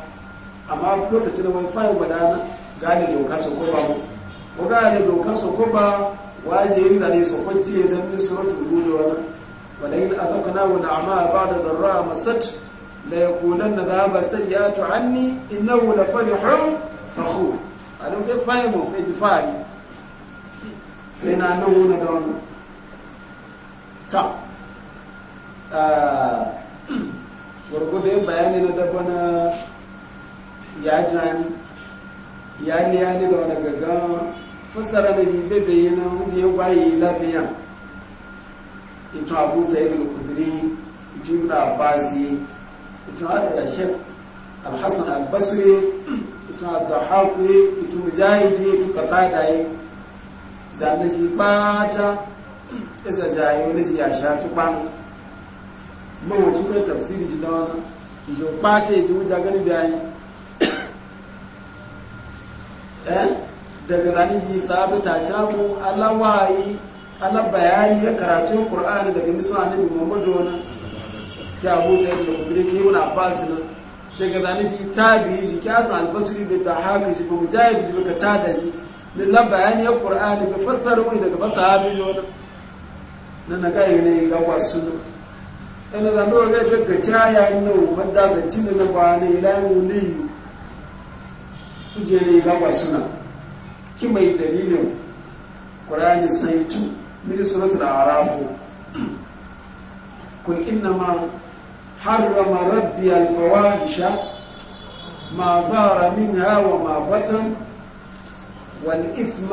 amma lokacin da wani fayin badana gane doka su ko ba mu ko gane doka su ko ba waje yi da ne su kwanci ya zan zambi suratul hudu wani walayin azakana wa na'ama ba da zarra masat la yakunan na zaba sai ya tu'anni fari la farihun A' alu fe fahimu fe jifari fe na nuhu na don ta ah gurgube bayani na dabo na ya jani ya ni ya ni da wani gaggawa fassara da yi bebe yi na wuje ya bayi labiya ito abu sa'id al-kudri jimra basi ito a shek alhassan albasri ito a dahaku ito mujahidi ito katadaye zane ji bata iza jayi wani ji ya sha ma mawacin kai tafsiri ji dawa jo bata ji wuja gani bayan eh? daga ranar yi sabita camu alawayi alabayani bayani ya karatun Kur'ani daga misalin muhammadu wani ki abu sai da kudure ki wani abbas na daga zane shi tabi shi kyasa albasri da da haka shi ba mujahid shi ka da shi lillan bayani ya qur'ani ga fassara wani daga masahabi ha wannan nan na kai ne ga wasu ina da no ga ta ya yi wanda zantin da ba ne ilahi ne kuje ne ga wasu na ki mai dalilin Ƙur'ani, sai tu min suratul a'raf kun حرم ربي الفواحش ما ظهر منها وما بطن والإثم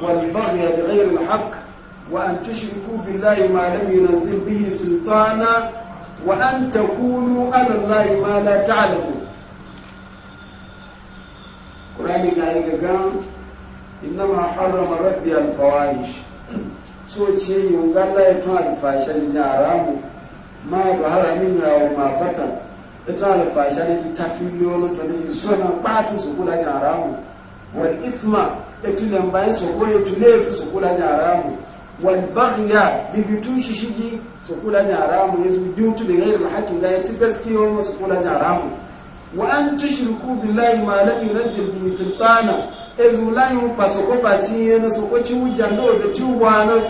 والبغي بغير الحق وأن تشركوا بالله ما لم ينزل به سلطانا وأن تقولوا على الله ما لا تعلمون قرآن قال إنما حرم ربي الفواحش so ce yungar laifin alfashe jaramu ma min minna wa ma batan ita alfasha ne ta filiyo na to ne suna patu su kula jin haramu wal ithma etilen bayan su goye tulefu su kula jin haramu wal baghya bibitu shishigi su kula jin haramu yazu dutu da gairu hakkin ga yati gaskiya wa su kula jin haramu wa an tushriku billahi ma lam yunzil bi sultana ezu la yun pasoko pati yana so ko ci wujando da tuwana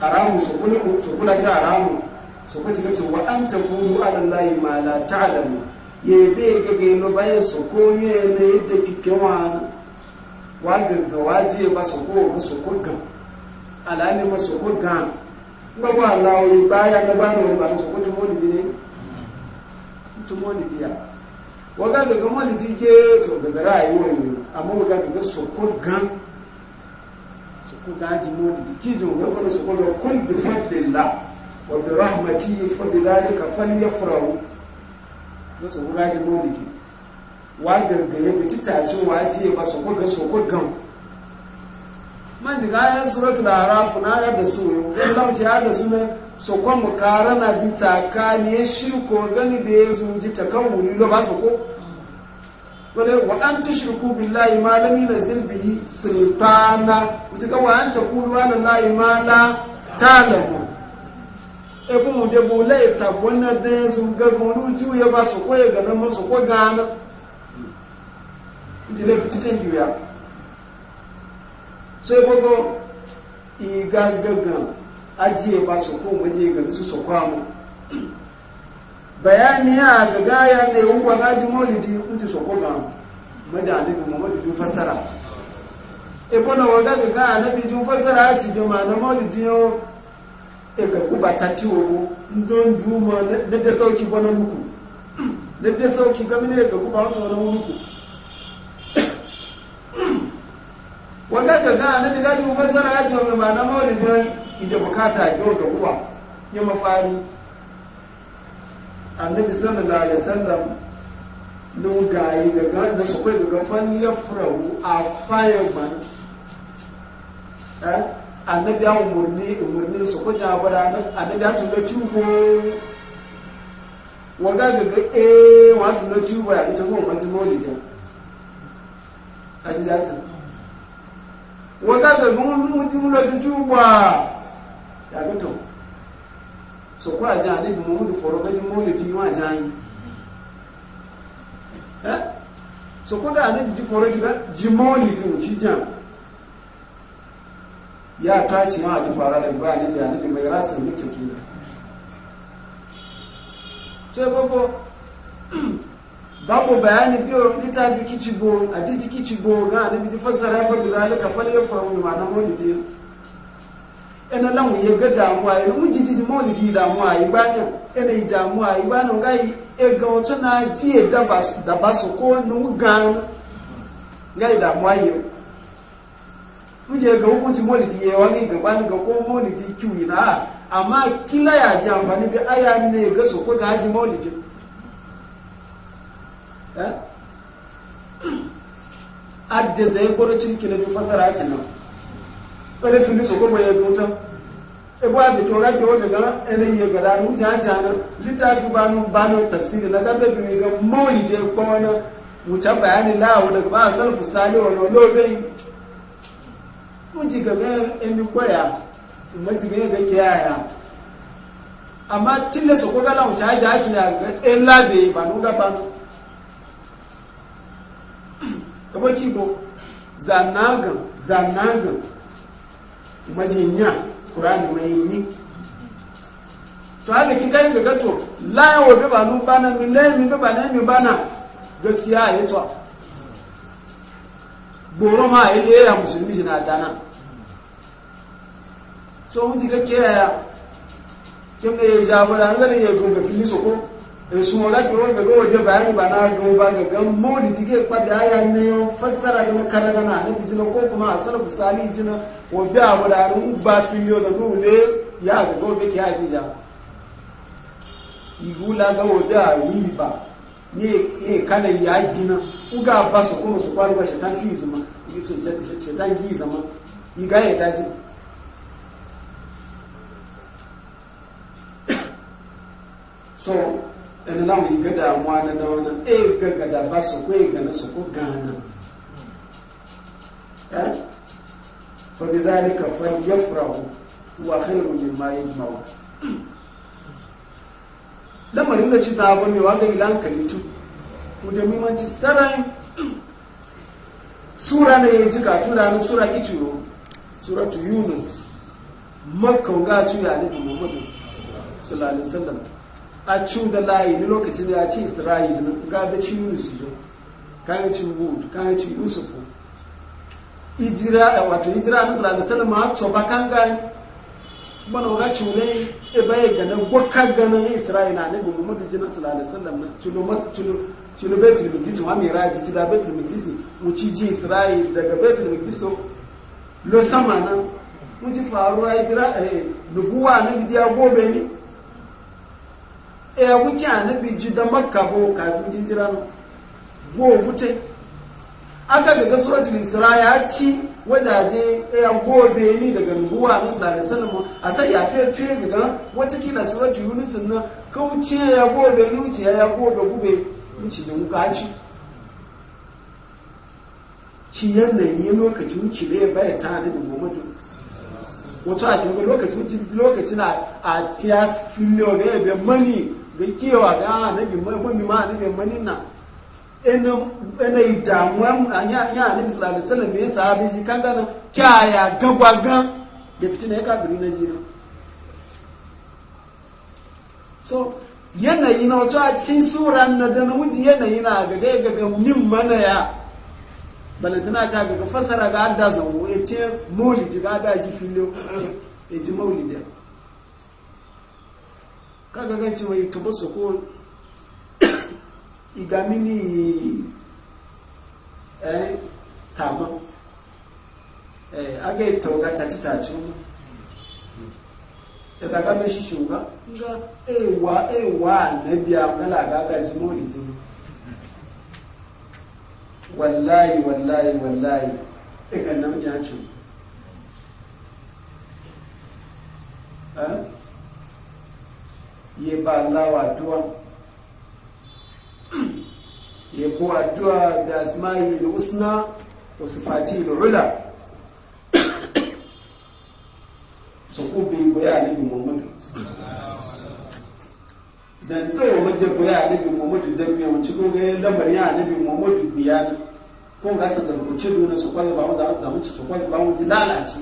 haramu su kula su kula jin haramu so ko tiga to wa an taqulu ala allahi ma la ta'lamu ye be ga ga no baye so ko ne ne da kike wa wa ga ga waji ba so ko ba so ko ga ala ne ma so ko ga ba ba allah ba ya ga ba no ba so ko to mo ni ne to mo ni ya wa ga ga mo ni tije to ga rayuwa ne amma ga ga so ko ga so ko ga ji mo ni kije ga ko so ko kun bi fadlillah wa bi rahmati fa bi zalika falyafrahu da su ga ji mulki wa gargaye bi titacin waje ba su ko ga su ko gam man ji ga suratul araf na ya da su ga lauci ya da su ne so kwa mu na ji tsakani shi ko gani da ya su ji takawuni lo ba su ko wale wa an tushriku billahi ma lam yunzil bihi sultana wuce ga wa an taqulu ala allahi ma la ta'lamu ebe mu de bo le ta bona de su ga mo lu ju ya ba su ko ga na mo su ko ga na ti le ti ten ya so ebo go i ga ga ga aji e ba su ko mo je ga su su ko mu bayani ya ga ga ya ne un ga ga ji molidi un ti su ko ga maja ne mu mo ju fasara e ko na wa ga ga na bi ju fasara ti ma na molidi yo daga don na da sauki wani muku na da sauki gami ne daga kubatatti wani muku wanda daga na da gaji mafasara ya ce wani ma'ana maulidin ida bukata yau ga kuwa ya mafari annabi sallallahu alaihi wasallam nun gayi daga da su kai daga fan ya a fayar annabi an umarni umarni su kuja gwada nan annabi an tuna tubo wanda ga ga eh wa tuna tubo ya ita kuma maji maulidi a shi ya san wanda ga mun tuna tubo ya gito so ko aja annabi muhammadu foro gaji maulidi wa jayi eh so ko da annabi ji foro ji ga ji maulidi ci jan ya tace ma ji fara da ba ne da ne mai rasu mutu kina sai babo babu bayani biyo litafi kicibo a disi kicibo ga ne bi fassara ya fadu zalika fal yafahu ma na maulidi ena lan ya ga damuwa ya mu jiji maulidi damuwa yi bani ena yi damuwa yi bani ga yi e ga wato na ji e da basu da basu ko nu ga ga damuwa yau. muje ga hukuncin maulidi ya wani gabanin ga ko maulidi kiwi na amma kila ya ji amfani bi aya ne ga su ko ga haji maulidi eh? adda zai gwada cinki na fasara ci nan ɗan fili su kuma ya gutan ebo abi to rage wanda ga ene ya gada nu jaja na litafi ba nu ba nu tafsiri na gabe bi ga maulidi ko wani wuce bayani lawo daga ba salfu salihu wa lobe uji game emi koya mati game ga kiyaya amma tilla su koga lamu ta haji haji na ga ɗan labe ba nuga ba kaba kibo zanagan zanagan majinya kurani mai ni to haka kin kai ga to layan wabe ba nu bana mi layan mi ba na mi bana gaskiya ya to goro ma ya musulmi jina dana so mun diga ke ya kin da ya ja bara an ganin ya gunga fili so ko e su mo lati ro daga waje bayani ba na go ba ga gan mu di dige kwa da ya ne fassara da karara na ne jina ko kuma a sarfu sali jina wa bi abu da ran ba fili da dole ya ga go be ke ya ji ja igula ga wo a wi ba ne kada ya gina uga ba su kuma su kwaru ba shaitan ji zama yi ji zama iga daji so ɗan na yi ga damuwa na na wani e gaga da ba su kwaye gana su ko gana eh fa bi zalika fa yafrahu wa khairu yi yajma'u lamarin da ci ta ba mai wanda ilan kalitu mu da mimanci sarai sura ne yi ji tura na sura kicuro suratu yunus makka ga tuya ne muhammadu sallallahu alaihi wasallam a cin da layi ni lokacin ya ci isra'ila ga da ci yunus zo kayan ci wood kayan ci yusuf ijira wato ijira na sallallahu alaihi wasallam a coba kan ga mana ga cule e bai ga Gana gwaka ga na isra'ila ne bu mu da jinan sallallahu alaihi wasallam na tulo mas tulo tulo baitul maqdis wa miraji tulo baitul maqdis mu ci ji isra'ila daga baitul maqdis lo sama nan mu ji faruwa ijira eh dubuwa na bidiya gobe ne a eh, wuce annabi ji da makka ko kafin jinjira no go wuce aka daga suratul isra ya ci wajaje ya eh, gobe ni daga ruwa na da alaihi a sai ya fiye tuye daga wata kila suratul yunus na wuce ya gobe ni wuce ya gobe gube wuce da wuka ci ci yanda yi lokaci wuce ne bai ta da muhammadu wato a kinga lokaci wuce lokaci na a tias filio ne be mani gankewa ga annabi mami ma mani manina ina yi damuwan ya annabi sallallahu alaihi wasallam ya sahabi shi kan gano kyaya gagwagan da fitina ya kafiri na jina so yanayi na wato a cikin sura na da na wuce yanayi na gaga ya gaga min mana ya balantana ta gaga fasara ga adda zango ya ce maulidi ga adda shi filo ya ji maulidi kaga ganci wai tuba su ko igamini eh tama eh, eh, eh, eh aga itoga tati tachuma ẹ̀tàkà méṣì ṣùgbọ́n nga ewa ewa nẹ́bí amẹ́làgá gajimọ́ ìdí wàláyì wàláyì wàláyì ẹ̀kànnà jẹ́ àjò ye ba wa tuwa ye ko tuwa da asma'i da usna wa sifati da ula su ku bi goya nabi Zan to wa majin goya nabi muhammadu don biya wuce ko ga yin lambar ya nabi muhammadu biya ko ga sa da kuce dole su kwazi ba mu za mu ci su kwazi ba mu ji lalace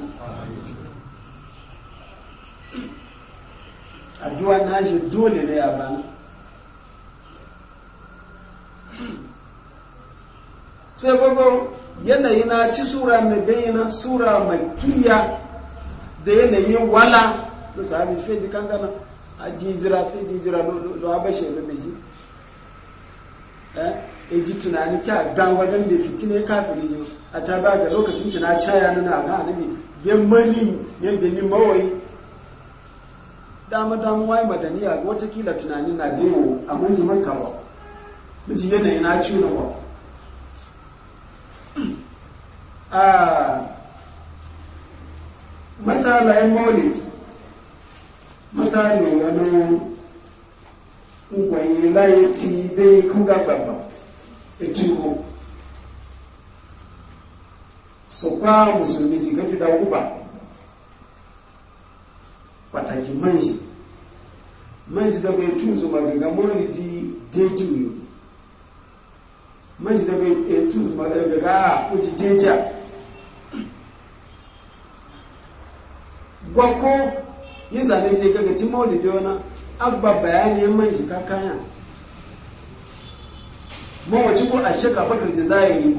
addu'a na shi dole ne ya bana sai gwagwa yanayi na ci sura mai bayyana sura kiyya da yanayi wala da sahabi feji kankana a jijira feji jira da bashe da beji e ji tunani kya dan wajen da ne kafin ji a ca ba lokacin cina caya na na ga ne bin mani yan bin mawai dama dama wai madaniya watakila tunanin na biyu a manji makka ba miji yanayi na ci na ba a ah, masala ya maulid masala ya na ngwayi laye ti be kuga baba etugo so kwa musulmi ji gafi da uba pataki manji man shi da bai tuzo magaga mori ji deji uyo man da bai eh, tuzo magaga ah, uji deja gwakko yin zane shi kaga cin maulidi wani abba bayani yan man shi kakanya mawaci ko a shaka bakar jizayiri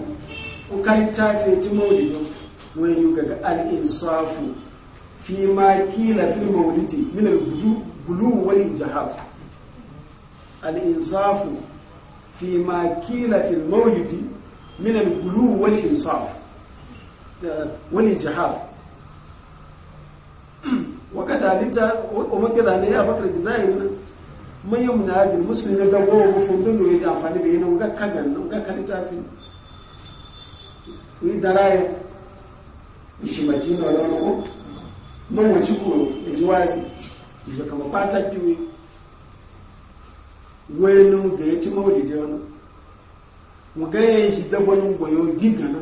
ko kan tafe ci maulidi wani yi kaga al'insafu fi ma kila fi maulidi minar gudu gulu wal jahaf al insafu fi ma kila fi al mawlid min al wani wal insaf wal jahaf wakata alita umakida ne ya bakar jizayir mayam na ajin musulmi da gowa mafundin da ya amfani da yana wuga kagan na wuga kalita fi wani darayo shi da wani wani mamaci ko da jiwazi izo kama pata kiwi wenu ga yati mawlidi wani mu ga ya shi dabanin goyo gigana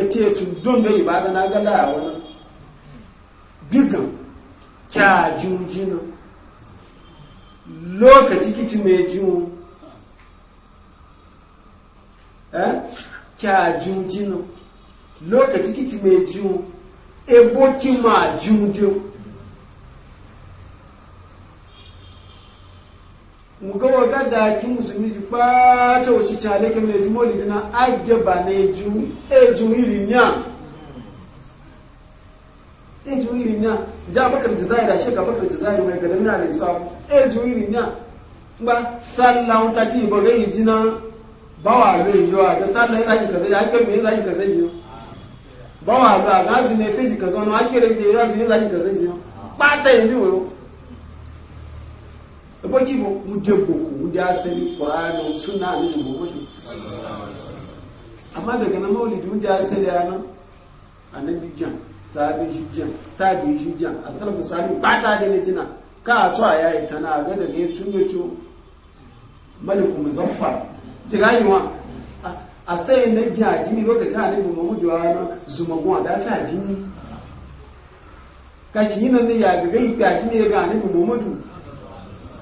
ete tun don da ibada na gada a wani gigan kya jujina lokaci kici mai jiwo eh kya jujina lokaci kici mai jiwo ebo kima jujo Mu ga da ki musulmi ji fata wace cale kan ne ji molidi na ajiye ba na eju eju iri niya eju iri niya ja bakar jazaira shi ka bakar jazaira mai gadar na nisa eju iri niya ba sallah ta ti ba ga yi na bawa lo yi yawa ga sallah ya shi kaza ya kan me ya shi kaza shi bawa ga gazi ne fi shi kaza no akere ne ya shi kaza shi ba ta yi ni wo ubangi ki bo mu de boko mu da sani qur'ani sunna ne mu mu amma daga na maulidi mu da sani ana annabi jan sahabi jan tabi jan asalafu sahabi ba ta da lejina ka to aya ita tana ga daga ya tunye to maliku muzaffar wa a sai na ji ajini lokacin mu muhammadu wa na zumagun da fi jini kashi yi nan ne ya gaga yi jini ya ga mu muhammadu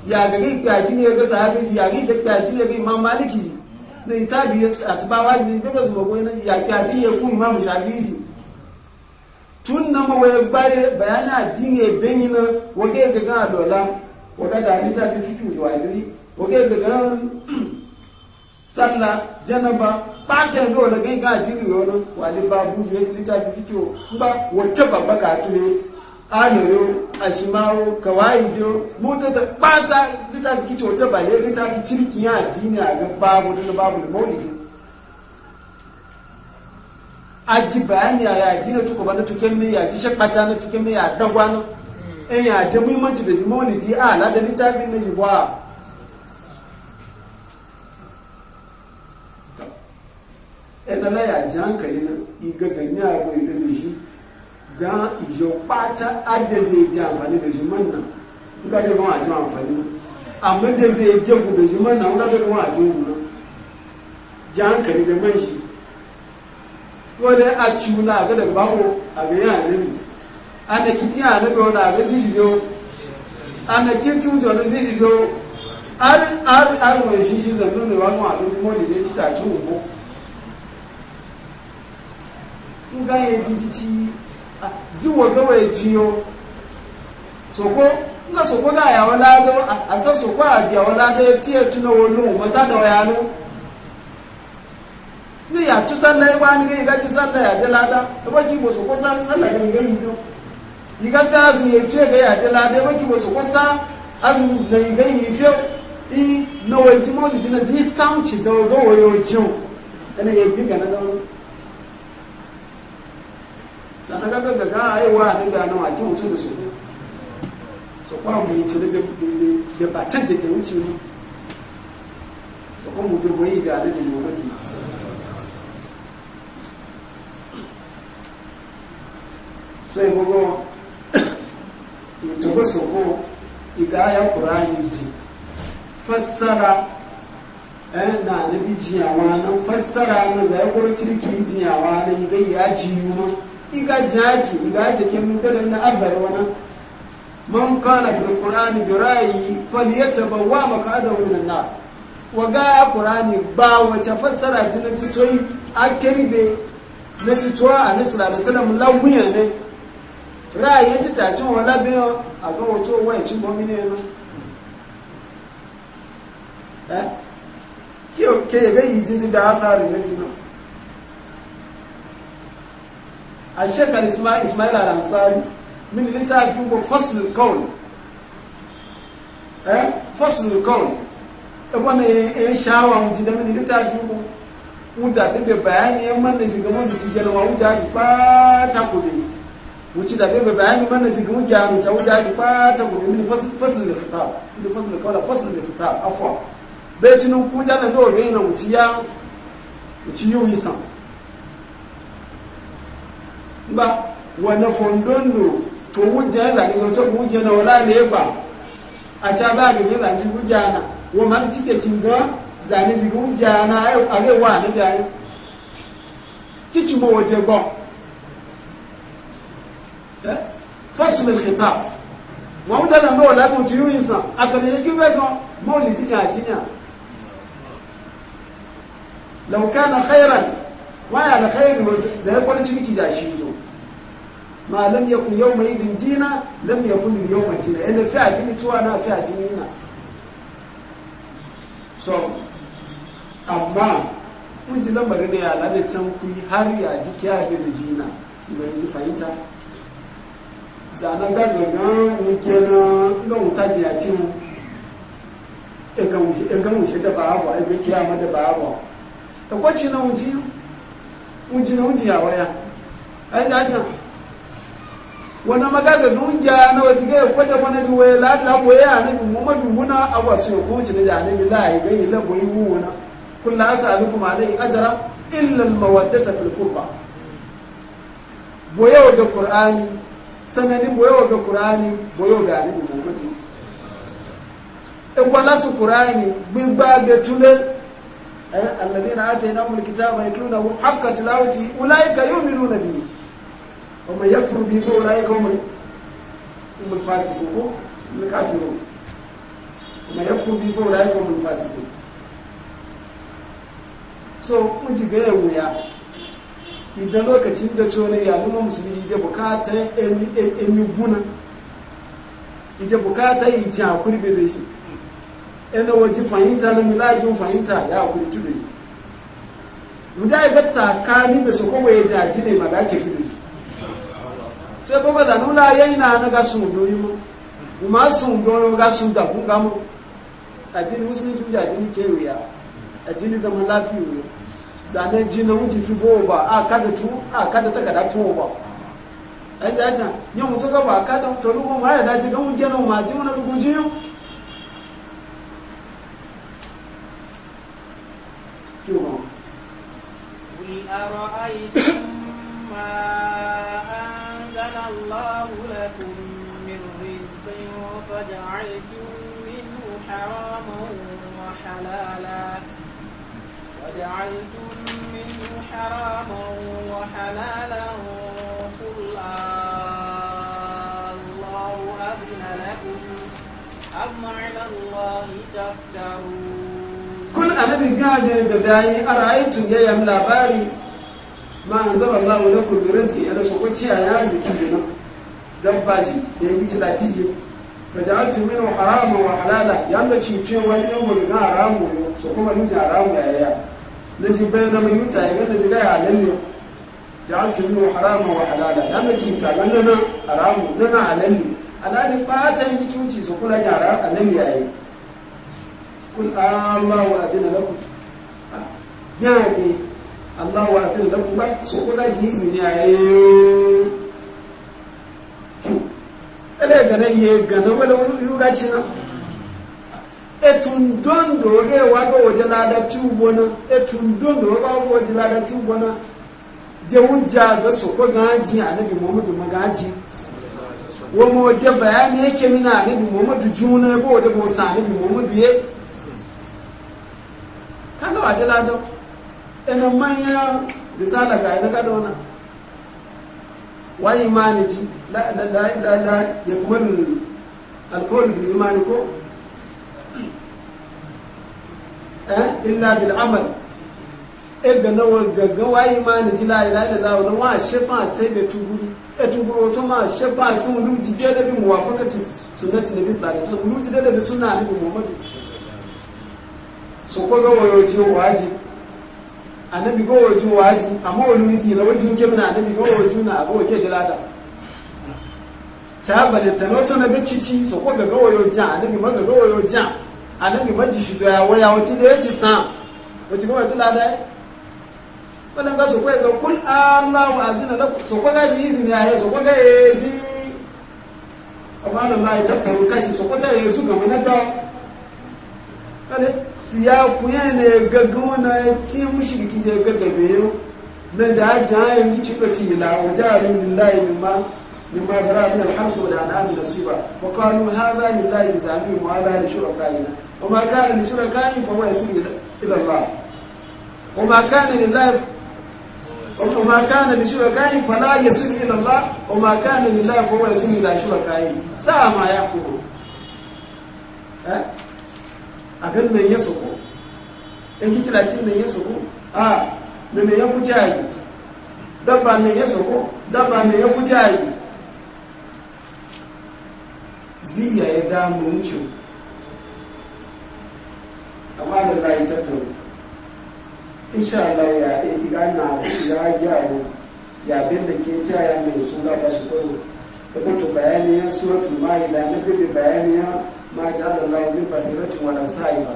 ya ga kwaki ne ga sahabi ji ya gai da kwaki ne ga imam maliki ji na ita bi a tabawa ji ne ba su ba goyi ya kwaki ya ku imam shafi ji tun na mawaye bare bayana addini ya benyi na wage ga ga dola wata da ni ta fi fiki zuwa yuri wage ga ga sallah janaba bata ga wala ga ga addini yo no wali babu fi ta fi fiki ba wata babba ka tule ayoyo ashimawo kawaido mutasa bata littafi kici wata bale littafi cirki ya addini a gan babu da babu da a ji bayani a ya addini tuko ba na tuken ne ya ji shakpata na tuken mai ya na en ya da muhimmanci da di a lada da littafin na jibwa ɗan ya ji hankali na igaganya abu igagin shi ga ijo kwata adda zai ta amfani da jiman nan in da kuma ajin amfani amma da zai je ku da jiman nan in da kuma ajin ku nan hankali da man shi wani a ciwuna a ga daga a ga yana a kiti a a ga zai shi biyo a na wani zai shi biyo an wani shi shi zanen da wani wani kuma da ya ci ta ci wuko. Nga ya ji zuwa gama ya ciyo soko nga soko ga ya da do asa soko a ya wala do tiye tuna wonu masa da wayano ni ya tu sallai ba ni ga ci sallai ya dalada da ba ki bo soko san sallai ne ga yijo yi ga fa su ye tiye ga ya dalada e ba ki bo soko sa azu ne ga yijo e i no wa ti mo ni tina zi sam ci do do wo yo jo ene ye bi ga na ga ga a yi wa ɗin ga nan akin mutum da su so kwa mu yi cire da da batan da ke wuce ne so kwa mu bi boyi ga da mu mafi so yi gogo to ba so ko iga ya qur'ani ti fassara ɗan eh, na nabi jiyawa nan fassara na zai kuri cirki jiyawa na gai ya jiyu nan iga jaji iga jikin mutalin na azar wani man kana fil qur'ani bi ra'yi falyatabawwa maq'adahu min an-nar wa ga qur'ani ba wace fassara tun tutoyi akirbe na tutowa a nabi sallallahu alaihi wasallam lawuya ne ra'yi ji ta cin wala biyo a ga wato wai cin gomi ne no eh ke ga yi jinjin da asari na. zina a shekar ismail al-ansari min littafin ko faslul kaul eh faslul kaul ibana ya shawa mu ji da min littafin ko wuta da bayani yan manna shiga mun ji gelo wa wuta ki ba ta kudi wuci da bebe bayani manna shiga mun ga mu ta wuta ki ba ta kudi min faslul khitab min faslul kaul faslul khitab na ya ba wani fondondo to wujen da ke zoce wujen na wala ne ba a ca ba ga ne ji wujen na wa ma ci ke kin ga zane ji wujen na a ga wa ne da yi ci mo waje ba mil kita wa mutana mo la mu tiyu insa akabe ki ba ga mo li ti ta tinya law kana khairan waya da khairu zai kwalci miki da shi zo ma lam yakun yawma idin dina lam yakun yawma dina ina fi adini tuwa na fi adini na so amma mun ji lamari ne ya lade can ku har ya ji kiya da jina mai ji fahimta zanen gagagan ni kenan ga wuta da ya ci mu ekan wuce da ba abuwa ebe kiyama da ba abuwa da kwaci na wuji wuji na wuji ya waya ai jajan wani magagar dunja na wata gaya kwada wani ji waya lada boye a nabi muhammadu muna a wasu ya kowace na janabi la yi gani la boye wuna kulla asa abu kuma alai ajara illal mawadda ta filkurba boye ga qur'ani sanani boye ga qur'ani boye wa ga nabi muhammadu ikwala su qur'ani gbigba ga tule eh, alladhina atainahumul kitaba yatluna haqqa tilawati ulaika yu'minuna bihi ومن يكفر به فأولئك هم الفاسقون الكافرون ومن يكفر به هم الفاسقون so mun ji ga wuya idan lokacin da cewa ya zama musulmi ya bukata emi guna ya bukata yi hakuri bai shi yana waje fahimta na milajin fahimta ya hakuri tudu yi mu da ya ga tsakani da su kuma ya ji a ma da ake fi da sai ko da yayi na na ka sun doyi mu ma sun doyo ka sun da kun gamu addini musulunci da addini ke wuya addini zaman lafiya ne zanen jina wuce fi bo ba a kada tu a kada ta kada tu ba ai da ta yin mutu ga ba kada to rugo ma ya dace ga mun kenan ma ji wannan rugo الله لكم من رزق فجعلتم منه حراما وحلالا وجعلتم منه حراما وحلالا قل الله أذن لكم أم على الله تفترون كل أنا بقاعد بداية أرأيتم يا لاباري ma an zaba Allah wani lakum bi rizqi yana so a yana zuki gina don baji da da gici ci ka ji an tumi na haramun wa halala ya da cince ce wani yan mu ga haramu ne so kuma nuna haramu ya ya da shi bayan na mai yuta ya da shi ga halal ne tumi na haramun wa halala ya da ci ta nan nan haramu nan halin ne alani ba can yi cuci so kula jara halal ya yi kun Allah wa adina lakum ah, ya ne Allah wa fi da kuma so ko da ji izini a yayo eh, ele ga nan ye ga nan wala na etun eh, don do ge wa go waje la da ga go waje la na bi wujja ga so ko ga ji annabi Muhammadu magaji wo mo je bayani yake mina na Muhammadu juna sa annabi ɗanan manya risala ka yi da gada wani wa imani ci la ya kuma alkohol bil imani ko eh illa bil amal e ga na wa gaga wa imani ji la ilaha za'a wani wa shefa sai mai tuguri e tuguro to ma shefa sun lu ji da bi muwafaqati sunnati nabi sallallahu da sun lu ji da bi sunna nabi muhammad so ko ga wayo wajibi annabi ko wajen waji amma wani wuce na wajen ke muna annabi ko wajen na abuwa ke da lada da. balita na wata na bicici so ko ga gawayo ja annabi ma ga gawayo ja annabi ma ji shi to ya waya wace da ya ci san, wace kuma ta lada ya wannan ga so ko ga kul allahu azina lakum so ko ga ji izini ya yi, so ko ga ji amma ma ya tattaru kashi so ko ta yesu na manata ale siya kuya ne gaggawa na ti mushi biki je gaggabe yau na za ja yan gici baci la wa jaru lillahi mimma mimma dara min alhamsu wal anami nasiba fa qalu hadha lillahi zami wa hadha li shurakaina wa ma ka kana li shurakaina fa huwa yasibu ila ba o ma ka kana lillahi وما كان لشركائهم فلا يصل الى الله وما كان لله فهو يصل الى شركائه ساء ما يحكمون a gan nan ya soko in ki tilatin nan ya soko a mai ya kuce aji dabba mai ya soko dabba mai ya kuce aji ziya ya damu wuce amma da ta yi tattau insha Allah ya na gana ya gyaru ya bin da ke taya mai suna ba su kwaro da kuma bayaniyar suratul ma'ida na gudun bayaniyar ma ji ala Allah min bahiratin wa nan ba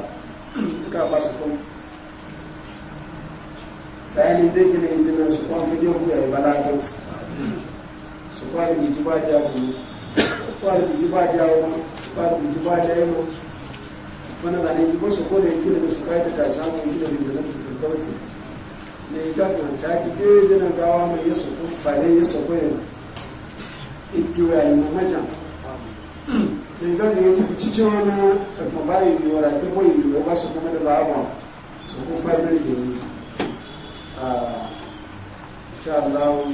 ka ba su kuma bayani dai gina injinan su kwan fi yin kuya ba na su kwari biji ba ja kwari biji ba ja kwari biji ba ja mu na ne ko su ko da da su kai ta ta yi gina injinan su firdausi ne ga kuma ta ji dai gina gawa mai yesu ko ba dai yesu ko ne ikkiwa ne majan ga da ya tafi cikin wani karfin bayan yiwuwa da kuma yiwuwa ba su kuma da labar su kuma fadar da yi a ah, sha Allah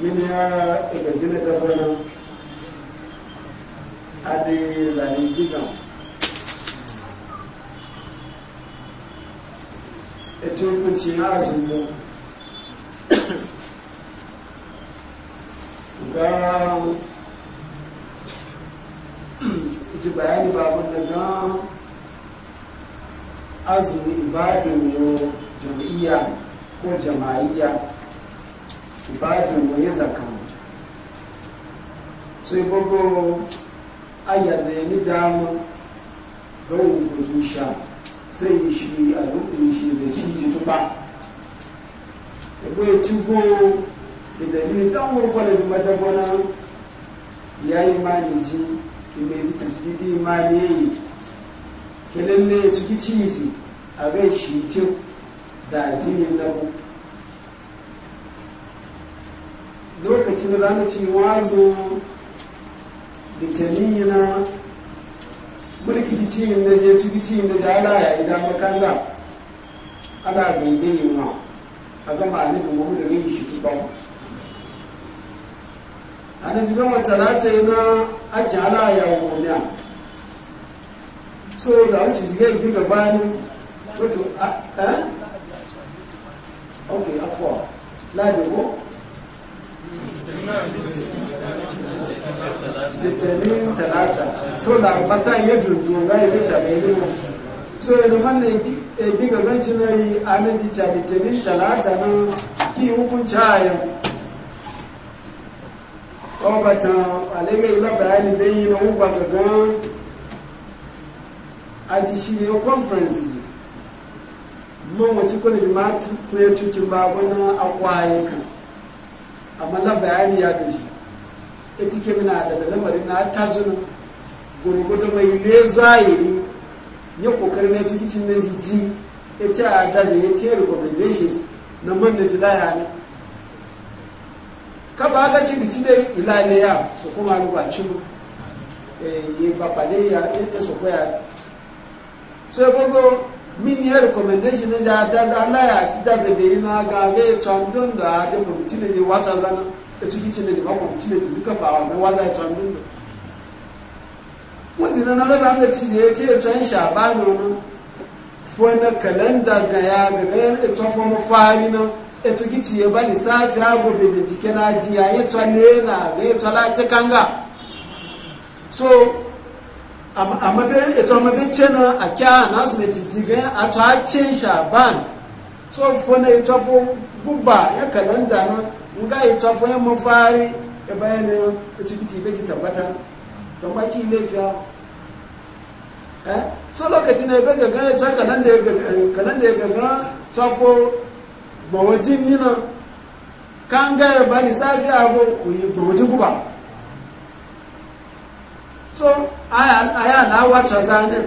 min ya igagina dabanan adi zane gigan ita hukunci na asibu ga ji bayani babu da ga azumi ibadin yo jam'iyya ko jama'iyya ibadin yo ya zaka sai gogo ayyada ya ni damu ga wukutu sha sai shi a rukun shi da shi tuba ya goya da dalilin tan gurgwale zuma da gona ya yi mani ji ki mai ji tafi mani ya yi ki lalle ya ciki cizi a gai shi tin da na labu lokacin ranar wazo vitamina burkiti ciyin da je ciki ciyin da jala ya idan makanda ana gaigayewa a gama ne da mahu da gai shi tuba ana zibe mu talata yana aji ala ya wuya so da an shi zige bi ga bani wato eh okay afwa la de ko litinin talata so da bata ya dudu ga ya bita mai yi so yanzu wannan bi ga gancin yi aminci ta litinin talata na ki hukunci a yau kwamfatan alagai na bayani don yi na wubata gan aji shi ne conference ji man wace kwanaji ma tukuye cikin babu na akwaye kan amma na bayani ya gaji ya cike mina daga lamarin na tajin gurgudu mai ne zahiri ya kokarin na cikin na jiji ya ce a gaza ya ce recommendations na man da jilaya ne kaba aga ci bici da ilale ya so kuma ni ba ci eh, ye bapale ya e so ko ya so gogo min ya recommendation ja da Allah ya ti da ze be na ga be chondun da de ko bici ne wa cha zana e su bici ne ba ko bici ne ti ka fa wa wa da chondun da wazina na da ga ci ne ti chan sha ba no no fo na kalenda ga ya ga ne to fo mo fari na etu gici ya bali safi abu da bincike na ji ya yi tsale na ga yi tsala ce kanga so etu amabe ce na a kya na su mai titibe a nsha ban. so e fo na tafo gubba ya kalanda na nga yi e ya mafari e ya bayan na etu gici bai ji tabbata don baki lafiya eh so lokaci na ya bai gaga ya ta kalanda ya gaga tafo bawajin nina kan gaya ba ni safi abu oyi bawajin guba so a ya na wata zane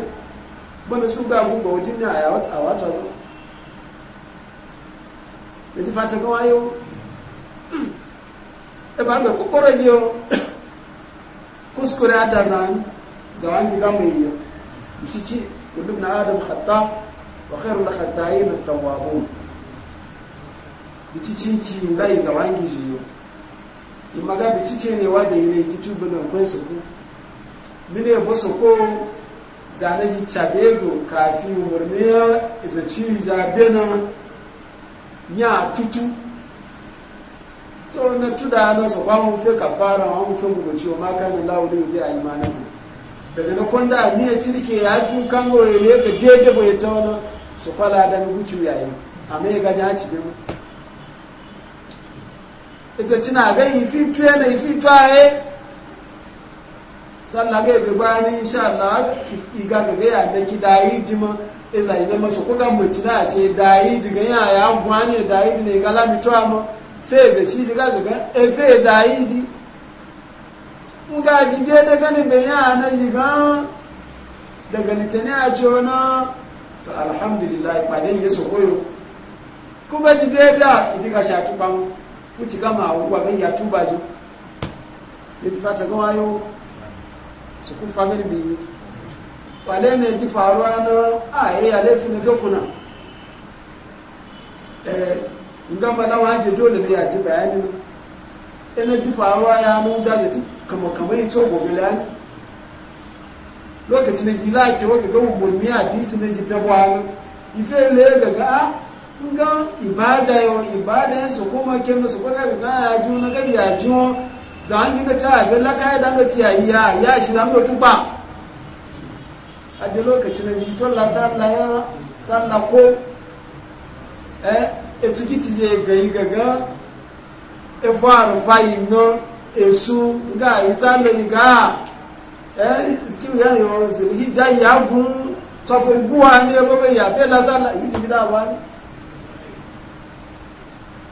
bane su ga abu bawajin ne a ya wata zane da ji fata gawa yau e ba ga kokoro ne yau kuskure da zane zawan ji gamu yi shi ci kullum na adam khatta wa khairul yi na tawabu yi bicicinki ngai zaman in maga bicice ne wa da yire ki tubu nan kun su ku mine bo so ko zane ji chabezo kafi murniya iza ci za na nya tutu so na tuda na so kwa mun fe kafara mun fe mu ci ma kan lawo ne bi alimana daga na kwanda ni ya cirke ya fi kango ya leka jeje bai ta wani su kwala da gucu yayi amma ya gaji ha ci bi mu ita na gani ifi tuye na ifi tuye sannan ga ibe bayan insha Allah iga ga ga da ki dayi dima iza idan masu kukan mace na ce dayi diga ya ya dayi di ne ga lami tuwa ma sai zai shi diga ga ga efe dayi di muka ji dai daga ne bai ya na ga daga ne a ce wani to alhamdulillah ba dai yi su koyo kuma ji da idi ka sha tuba mu wuce kama wa gai ya tuba ji ya ti fata gama yau su kun family biyu wale ne ji faruwa na a yi ya laifin na zokuna e, gamba na waje dole ne e, ya ji bayani ina ji faruwa ya mun da da kama kama ya cewa gobe lani lokacin da ji laki wa ga gama burmiya disi na ji dabuwa ife le ga ga'a nga ibada yo ibada yin su kuma kin so kuma ga ya ju na ga ya ju za an gina ta abin la kai dan da ciya ya ya shi dan da tuba a da lokacin da to la sallah ya sallah ko eh e tuki ti je ga yi gaga e faru fayi no esu ga yi sallah ga eh ki ya yo zil hija ya gun tofin guwa ne ba ya fe la sallah yi da ba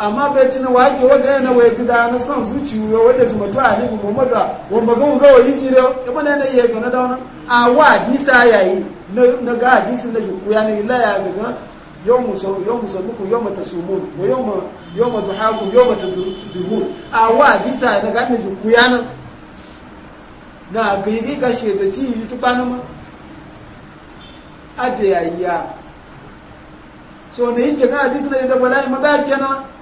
amma bai ci na wake wadda yana waya ji da na son su wuyo wadda su mutu a nufin muhammadu a wamba gan gawa yi jire ya bane na iya gana da wani a wa hadisa yayi na ga hadisi na jiku ya ne laya ga gana yau musammukum yau mata sumun ko yau mata haku yau mata duhun a wa hadisa na ga na jiku ya nan na ga yi ga shi da ci yi tukanu ma a da yayi ya so ne yake ga hadisi na da bala'i ma ba kenan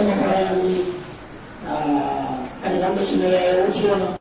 ina haramu a kan yamma ah, shi na